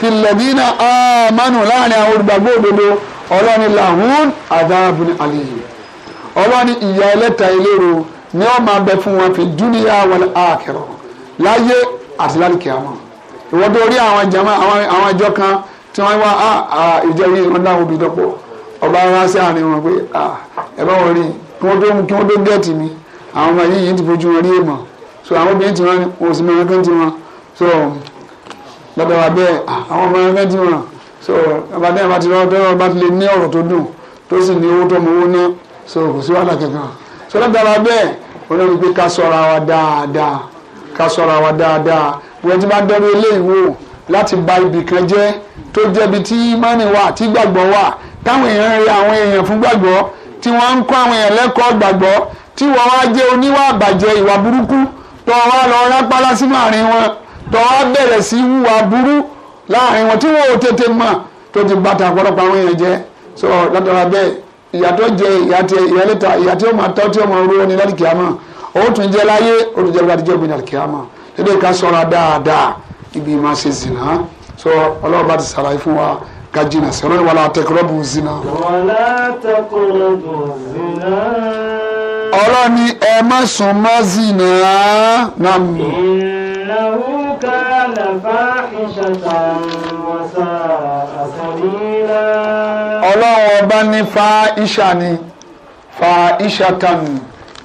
tìlẹ̀bí náà àmánù láàrin àwọn olùgbàgbọ́ òdodo ọlọ́ni làwọn àdáàbùn àlejò ọlọ́ni ìyà ẹlẹ́ta ìlérò ni ó máa bẹ fún wọn fi dúníyà wal àkẹrọ láyé àti lálùkẹ́ àwọn ìwọ́n tó rí àwọn ìjọ kan tí wọ́n wá ah, ah, ìjẹ́rìí ìrànlọ́wọ́ òbí dọ́pọ̀ ọba wa sí àárín wọn pé ẹ bá wọn rí kí wọ́n tó kí wọ́n tó gẹ̀ẹ́tì mi àwọn ọmọ yìí yìí ti fojú wọn rí èèmọ̀ so àwọn obìnrin tí wọn ò sí mẹ́rin kan tí wọn so lọ́dọ̀ wa bẹ́ẹ̀ àwọn ọmọ mẹ́rin kan wọn so ọba dẹ́yìn bá ti lọ́wọ́ tọ́wọ́ bá ti lè ní ọ̀rọ̀ tó dùn tó sì ní owó tó mọ owó ná so kò sí wàhálà kankan so lọ́dọ̀ wa bẹ́ẹ̀ olórí pé ká ṣọ́ra wa dáadáa ká ṣọ́ra wa dáadáa wọ́n ti máa dẹ́rù eléyìí wò láti ba ibì kan jẹ́ tó jẹ́bi tí mánì wà tí táwọn èèyàn rí àwọn èèyàn fún gbàgbọ́ tí wọ́n ń kọ́ àwọn èèyàn lẹ́kọ̀ọ́ gbàgbọ́ tí wọ́n wá jẹ́ oníwà àbàjẹ́ ìwà burúkú tó wá lọ rápálá sínú àárín wọn tó wá bẹ̀rẹ̀ sí wúwa burú láàrin wọn tí wọn ò tètè mọ̀ tó ti bàtà ọ̀pọ̀lọpọ̀ àwọn èèyàn jẹ́ so látara bẹ́ẹ̀ ìyà tó jẹ ìyà tí ìyà lẹ́ta ìyà tí ó máa tọ́ tí ó máa rówó ní lálìkíámà ó tún jẹ láyé ó tún jẹ lọ́wọ́ àdìjọ́ ìgbìyànjú lálìkíámà lédè ká sọ̀rọ̀ dáadáa ibi ìmáa ṣe zìnnà so ọlọ́run bá ti ṣàlàyé fún wa ká jìnnà sí ọlọ́run wàlá taqrabu zina. wàlá taqrabu zina. ọlọ́run ni ẹ má sùn má zina náà mi. innahu kana fahishatan wa sa'a sabila. ọlọ́run ọba ní fa iṣà ni fa iṣà kan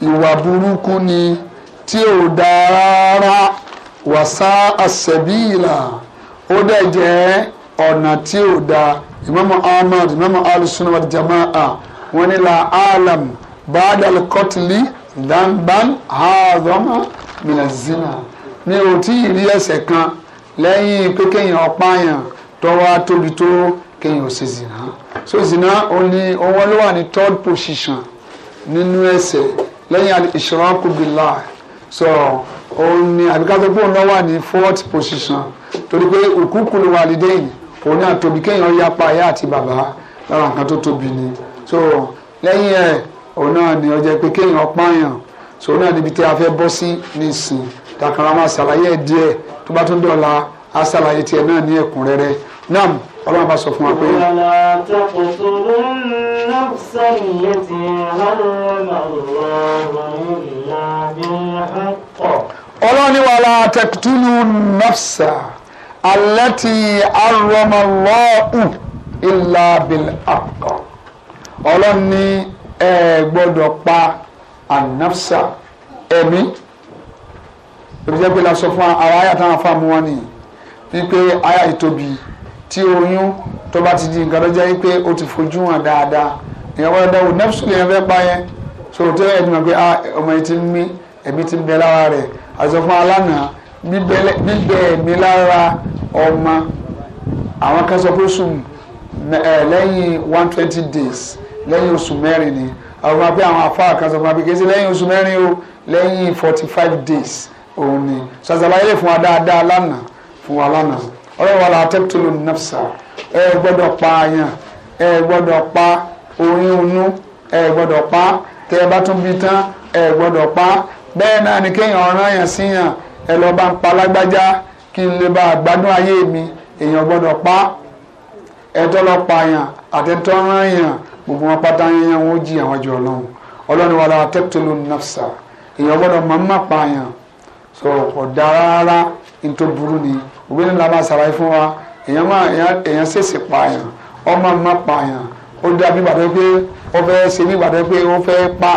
ìwà burúkú ni tí ò dáa rárá wàsá àṣẹbíìlà ó dẹ̀ jẹ́ ọ̀nà tí ò dáa ìmáàmù ahmad ìmáàmù alùsùn jamaa wọn ni la alam baadal kọtìlì danban haadọ́mà minazina mi ò tí ì rí ẹ̀ṣẹ̀ kan lẹ́yìn pé kéèyàn ọ̀páyàn tọ́wọ́ tóbi tó kéèyàn ò ṣe zina so zina ó ní ọwọ́ ló wà ní third position nínú ẹ̀ṣẹ̀ lẹ́yìn al-ishraku so òun ni àbíká tó gbóhùn lọ́wọ́ ní fourth position torí pé òkú kúlù wà lédè yìí òun náà tóbi kéèyàn yapa ìyá àti bàbá lára nǹkan tó tóbi ni so lẹ́yìn ẹ̀ òun náà ni ó jẹ́ pé kéèyàn pààyàn so òun náà níbi tí a fẹ́ bọ́ sí nísìn takara máa ṣàlàyé ẹ̀ díẹ̀ tó bá tún dọ̀la á ṣàlàyé tiẹ̀ náà ní ẹ̀kúnrẹ́rẹ́ náà ọlọ́run bá sọ fún wa pé. ìyàrá tọkùtùrù náà sẹ́yìn ti hàlùmọ̀ ọ̀rọ̀ ìlànà àkọ́. ọlọ́run ni wàhálà tẹkùtùrù nafsa allati arramallahu illa bil haqq ọlọ́run ní ẹ gbọ́dọ̀ pa anafsa ẹ̀mí ebi jẹ́ pé la sọ fún àwọn àyà táwọn afá mu wọn nìyí wípé àyà ìtóbi tí oyún tó bá ti di nǹkan tó jẹ́ wípé o ti fojú hàn dáadáa ìyẹn wọ́n dáwọ́ nafsu lèyàn fẹ́ pa yẹn so tó yẹ ẹ̀dùnmọ̀ pé ah, ọmọ yìí ti ń mí ẹ̀mí ti ń bẹ lára rẹ̀ àti sọ fún alánà bíbẹ̀ ẹ̀mí lára ọmọ àwọn kan sọ pé oṣù lẹ́yìn one twenty days lẹ́yìn oṣù mẹ́rin ni àwọn máa pé àwọn afá kan sọ fún wa pé kì í oṣù mẹ́rin o lẹ́yìn forty five days òun ni ṣàṣàlàyé lè fún wa dáadáa lánàá fún wa lánàá ọlọ́run wa la tẹ́tùlù nafsa ẹ gbọ́dọ̀ pa àyàn ẹ gbọ́dọ̀ pa oyún inú ẹ gbọ́dọ̀ pa tẹ ẹ bá tún bí tán ẹ gbọ́dọ̀ pa bẹ́ẹ̀ náà ni kéèyàn ọ̀ràn yàn síyàn ẹ lọ́ọ́ bá ń pa lágbájá kí n lè bá àgbádùn ayé mi èèyàn gbọ́dọ̀ pa ẹ̀tọ́ lọ pààyàn àtẹ̀tọ́ rán èèyàn gbogbo wọn pátá yẹn wọn ó jí àwọn jọ ọlọ́run ọlọ́run wàlá tẹ́tọ́lù nafsa èèyàn gbọ́dọ̀ mọ̀ọ́mọ̀ pààyàn so ọ̀dà rárá nítorí burú ni òwe ní la máa fún wa èèyàn máa èèyàn ṣèṣì pààyàn ọmọ mọ̀ pààyàn ó dàbí ìgbàdọ́ pé ó fẹ́ ṣe bí ìgbàdọ́ pé ó fẹ́ pa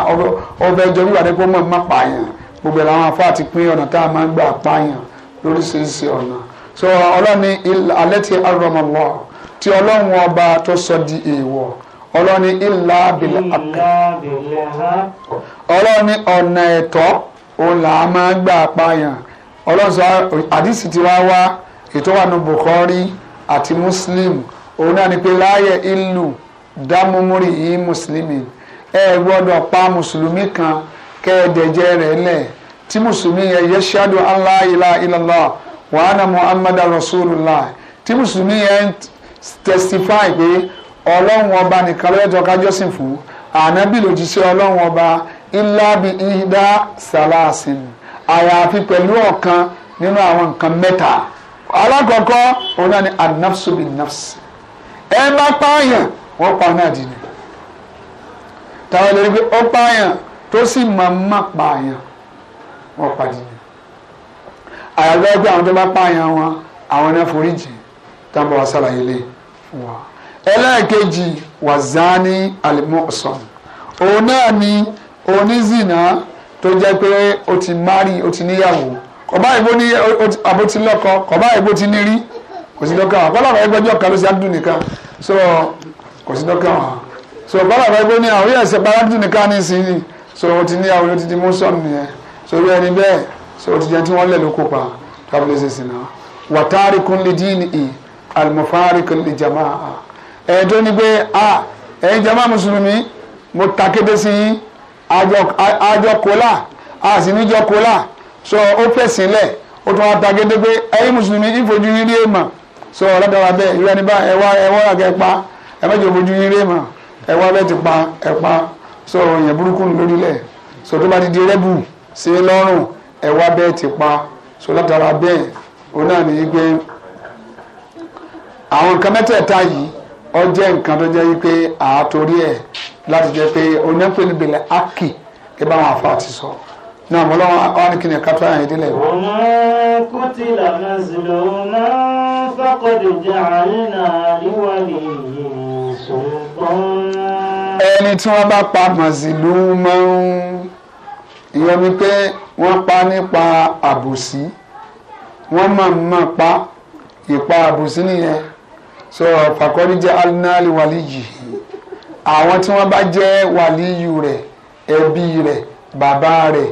ó fẹ́ jọ bí ìgbàdọ́ pé ó mọ̀ mọ̀ pààyàn gbogbo ẹ̀ làwọn afọ àti pín ọ̀nà tá a máa ń gbà pààyàn lóríṣiríṣi ọ̀nà so ọlọ́ni alẹ́ ti arọ́mọlọ́ tí ọlọ́run ọba tó sọ di èèwọ̀ ọlọ́ni ilà abilẹ̀ akẹ́ ọlọ́ni ọ̀nà ẹ̀tọ́ òun là á máa gbà apáyàn ọlọ́run sọ àdìsí ti wá wá ètò wà ní Bukhari àti Muslim òun náà ni pé láàyè ìlú dámúmúrì yìí mùsùlùmí ẹ gbọ́dọ̀ pa mùsùlùmí kan kẹ́ ẹ dẹ̀jẹ̀ rẹ̀ lẹ̀ tí mùsùlùmí yẹn yashadu an la ilaha illallah wa anna muhammadan rasulullah tí mùsùlùmí yẹn testify pé ọlọ́run ọba nìkan lọ́yẹ̀tọ́ kájọ́sìn fún ànábì lòjíṣẹ́ ọlọ́run ọba ilábi ihda salasin àyàfi pẹ̀lú ọ̀kan nínú àwọn nǹkan mẹ́ta alákọ̀ọ́kọ́ òun náà ni anafsu bin nafsi ẹ bá pààyàn wọ́n pa náà dì ní táwọn ẹlẹ́rìí pé ó pààyàn tó sì máa má pààyàn wọn pàdé ni àyàgbẹ́ pé àwọn tó bá pààyàn wọn àwọn náà foríjì tábà wá sàlàyé lé wa ẹlẹ́ẹ̀kejì wàzáni alimọ́sán òun náà ni onízìnà tó jẹ́ pé ó ti márì ó ti níyàwó kọ̀bá ìbò ní àbótí lọ́kọ kọ̀bá ìbò ti ní kò sí lọ́kàn wọn kọ́lá ọ̀rẹ́ gbẹ́jọ́ kan ló ṣe àdúdú nìkan so kò sí lọ́kàn wọn so kọ́lá ọ̀rẹ́ gbẹ́ ní àwọn yẹ̀sẹ̀ bá àdúdú nìkan ní ìsinyìí so ó ti níyàwó ló ti di mọ́sán nìyẹn sórí ẹni bẹ́ẹ̀ sọ ti jẹ́ tí wọ́n lẹ̀ ló kópa tábìlì ṣe sìn náà wàtárí kun lè dín ní àlùmọ̀fárí kun lè jàmá a ẹ̀ tó ní pé a ẹ̀yin jàmá mùsùlùmí mo ta kété sí yín àjọ kólà a sì níjọ kólà sọ ó fẹ̀sìn lẹ̀ ó tún wá ta kété pé ẹ̀yin mùsùlùmí ìfojú yín rí èèmọ̀ sọ ọ̀làdàwà bẹ́ẹ̀ ìlú ẹni bá ẹwà ẹwà àgẹ́ pa ẹ mẹ́jọ yín rí èèmọ̀ ẹwà bẹ́ẹ̀ ti pa ẹ̀ pa sọ ọ̀yàn burúkú lórílẹ̀ sọ tó bá ti di rẹ́bù sí lọ́rùn ẹ̀wá bẹ́ẹ̀ ti pa so látara bẹ́ẹ̀ òun náà nìyí pé àwọn nǹkan mẹ́tẹ̀ẹ̀ta yìí ó jẹ́ nǹkan tó jẹ́ wípé àátorí ẹ̀ láti jẹ́ pé onípele ákì kí bá wọn ti sọ náà mo lọ́wọ́ wọn ni kí ni kátó àyàn ìdílé. wọ́n kú ti lànà zùlọ máa fàkọ̀dé jẹ́ àárín náà níwájú ìyẹn sọ̀rọ̀ ẹni tí wọ́n bá pa màzìlú máa ń ìyẹn ni wọ́n pa nípa àbòsí wọ́n máa máa pa ìpa àbòsí nìyẹn so fàkọ́ríjẹ́ alinali wàlíyì àwọn tí wọ́n bá jẹ́ wàlíyù rẹ̀ ẹbí rẹ̀ bàbá rẹ̀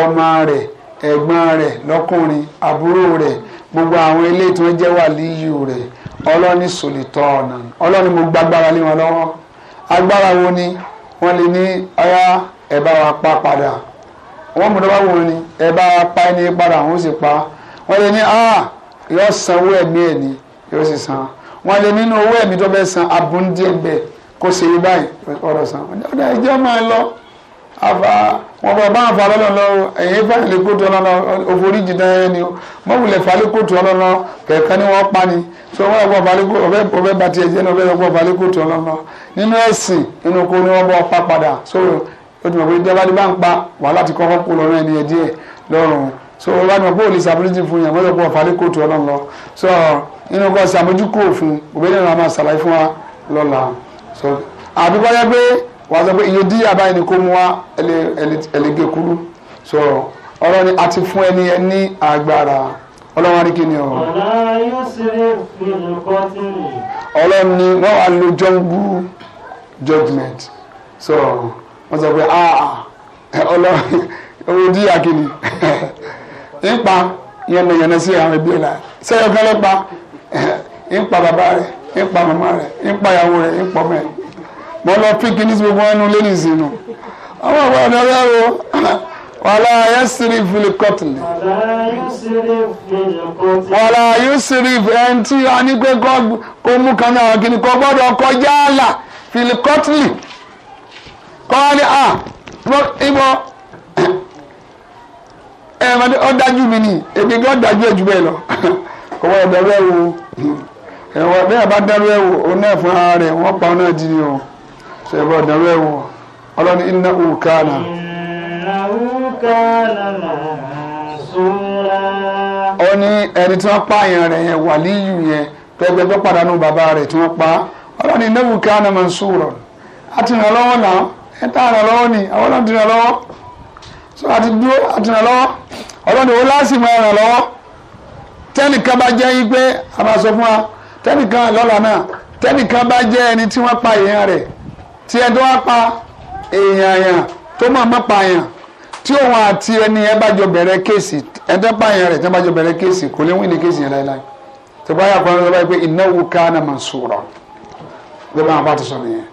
ọmọ rẹ̀ ẹ̀gbọ́n rẹ̀ lọ́kùnrin àbúrò rẹ̀ gbogbo àwọn ilé tí wọ́n jẹ́ wàlíyù rẹ̀ ọlọ́ni sòlítọ́ ọ̀nà ọlọ́ni mo gbàgbára lé wọn lọ́wọ́ agbára wo ni wọ́n lè ní ọ̀yá ẹ̀ bá wa pa padà wọ́n mú lọ́wọ́ wọn ni ẹ bá pa ẹni padà òun sì pa wọ́n lè ní ah yóò san owó ẹ̀mí ẹ̀ ni yóò sì san wọ́n lè nínú owó ẹ̀mí tó fẹ́ san abúndíẹ̀ bẹ́ẹ̀ kó ṣe yí báyìí ọ̀rọ̀ san ọ̀dà ìjọ máa lọ àfà wọn bọ̀ bá àfà lọ́nà lọ ẹ̀yìn fàlẹ́ kóòtù ọlọ́nà òforíjì dáhẹ́ ni o mọ̀wùlẹ̀ fàlẹ́ kóòtù ọlọ́nà kẹ̀kẹ́ ni wọ́n pa ni so wọ́n lọ bọ̀ fàlẹ́ kóòtù ọ̀fẹ́ ọ̀fẹ́ bàtí ẹ̀jẹ̀ náà ọ̀fẹ́ bọ̀ fàlẹ́ kóòtù ọlọ́nà nínú ẹ̀sìn inú kó ni wọ́n bọ̀ pa padà so ó pé ìjọba bá ń pa wàhálà ti kọ́kọ́ kó lọ́rùn ẹni ẹ díẹ̀ lọ́rùn so ó bá ní wọn pé òòlì fún yàn mọ́tò pé ọ̀fà lè kóòtù ọlọ́run lọ so nínú kọ́ sàmójúkò fún òbẹ́lẹ̀ náà máa ṣàlàyé fún wa lọ́la so àbí pé wàá sọ pé iye díyà báyìí ni kó mu wá ẹlẹ́gẹ́ kúrú so ọ̀rọ̀ ni a ti fún ẹni ẹ ní agbára ọlọ́run arí kíni o. ọlọ́run ni wọ́n wá lo jọ́ngbú judgement so wọ́n sọ pé ah, ah, ọlọ́run owó díyà kìíní ńpa yànnàyànnà sí àwọn ẹbí ẹ̀ la sẹ́yọ̀ kan ló pa ńpa bàbá rẹ̀ ńpa màmá rẹ̀ ńpa ìyàwó rẹ̀ ńpa ọmọ rẹ̀ mo lọ pín kí ní sí gbogbo ẹnu lé nìsín nù àwọn àwọn ọ̀dọ́ rẹ̀ o wàlá yẹ́sìrì filikọ́tìlì wàlá yẹ́sìrì ẹni tí a ní pé kó mú kan náà kí ni kó gbọ́dọ̀ kọjá àlà filikọ́tìlì. kọ́ a ibọ ẹ eh, ọ mi ni èmi gan dájú ẹ jù bẹ́ẹ̀ lọ kò wọ́n ọ̀dọ̀ bẹ́ẹ̀ wo ẹ̀wọ̀n bẹ́ẹ̀ bá dárú ẹ̀ wò òun náà ara rẹ̀ wọ́n pa òun náà ni o ṣe ọlọ́ni iná ó ní ẹni tí wọ́n rẹ̀ yẹn yẹn pẹ́ẹ́pẹ́ tó bàbá rẹ̀ tí wọ́n pa ọlọ́ni iná ẹ tá àràn ni àwọn ọlọ́run ti ràn lọ́wọ́ so àti dúró àti ràn lọ́wọ́ ọlọ́run ìwọ láàsì mọ ẹ̀ràn lọ́wọ́ tẹ́nìkan bá jẹ́ yín pé a máa sọ fún wa tẹ́nìkan lọ́la náà tẹ́nìkan bá jẹ́ ẹni tí wọ́n pa èèyàn rẹ̀ tí ẹ tó wá pa èèyàn àyàn tó mọ̀ mọ́ pa àyàn tí òun àti ẹni ẹ bá jọ bẹ̀rẹ̀ kéèsì ẹ tẹ́ pa àyàn rẹ̀ tẹ́ bá jọ bẹ̀rẹ̀ kéèsì kò lè wíìnì kéèsì yẹn láéláé tó bá yà kọ́ni lọ́wọ́ pé innahu kana mansura ló bá wọn bá ti sọ nìyẹn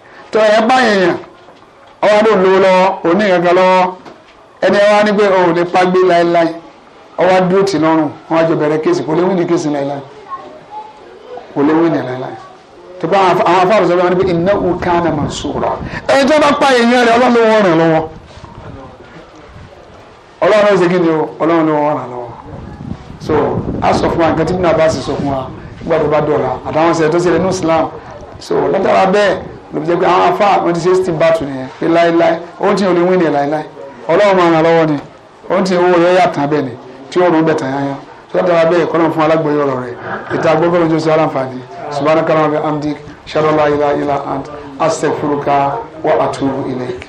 ọwọ́ adó lówó lọ òní kankan lọ́wọ́ ẹni ẹ wá pé òun lè fagbé láéláé ọwọ́ adó tì lọ́rùn wọn àjọ bẹ̀rẹ̀ kéèsì kò lè wíìnì láéláé kò lè wíìnì láéláé àwọn ni pé iná ẹni tó bá pa èèyàn ọlọ́run ló wọ́n lọ́wọ́ ọlọ́run ló o ọlọ́run ló wọ́n lọ́wọ́ so a sọ fún wa nǹkan tí náà bá sì sọ fún wa bá dọ̀la àtàwọn tó Islam so bẹ́ẹ̀ lóbi jẹ́ pé àwọn afá wọn ti ṣe steam battle nìyẹn pé láéláé ohun tí ò lè wí ni láéláé ọlọ́run máa ràn lọ́wọ́ ni ohun tí owó rẹ̀ yà tán bẹ́ẹ̀ ni tí ó rún bẹ̀ tán yányán tó dára bẹ́ẹ̀ kọ́nà fún alágbèyẹ ọ̀rọ̀ rẹ̀ ètò agbẹ́fẹ́rẹ́ ojú sí aláǹfààní subhanaka rabbil hamdik shalala ilaha illa ant astaghfiruka wa atubu ilayk.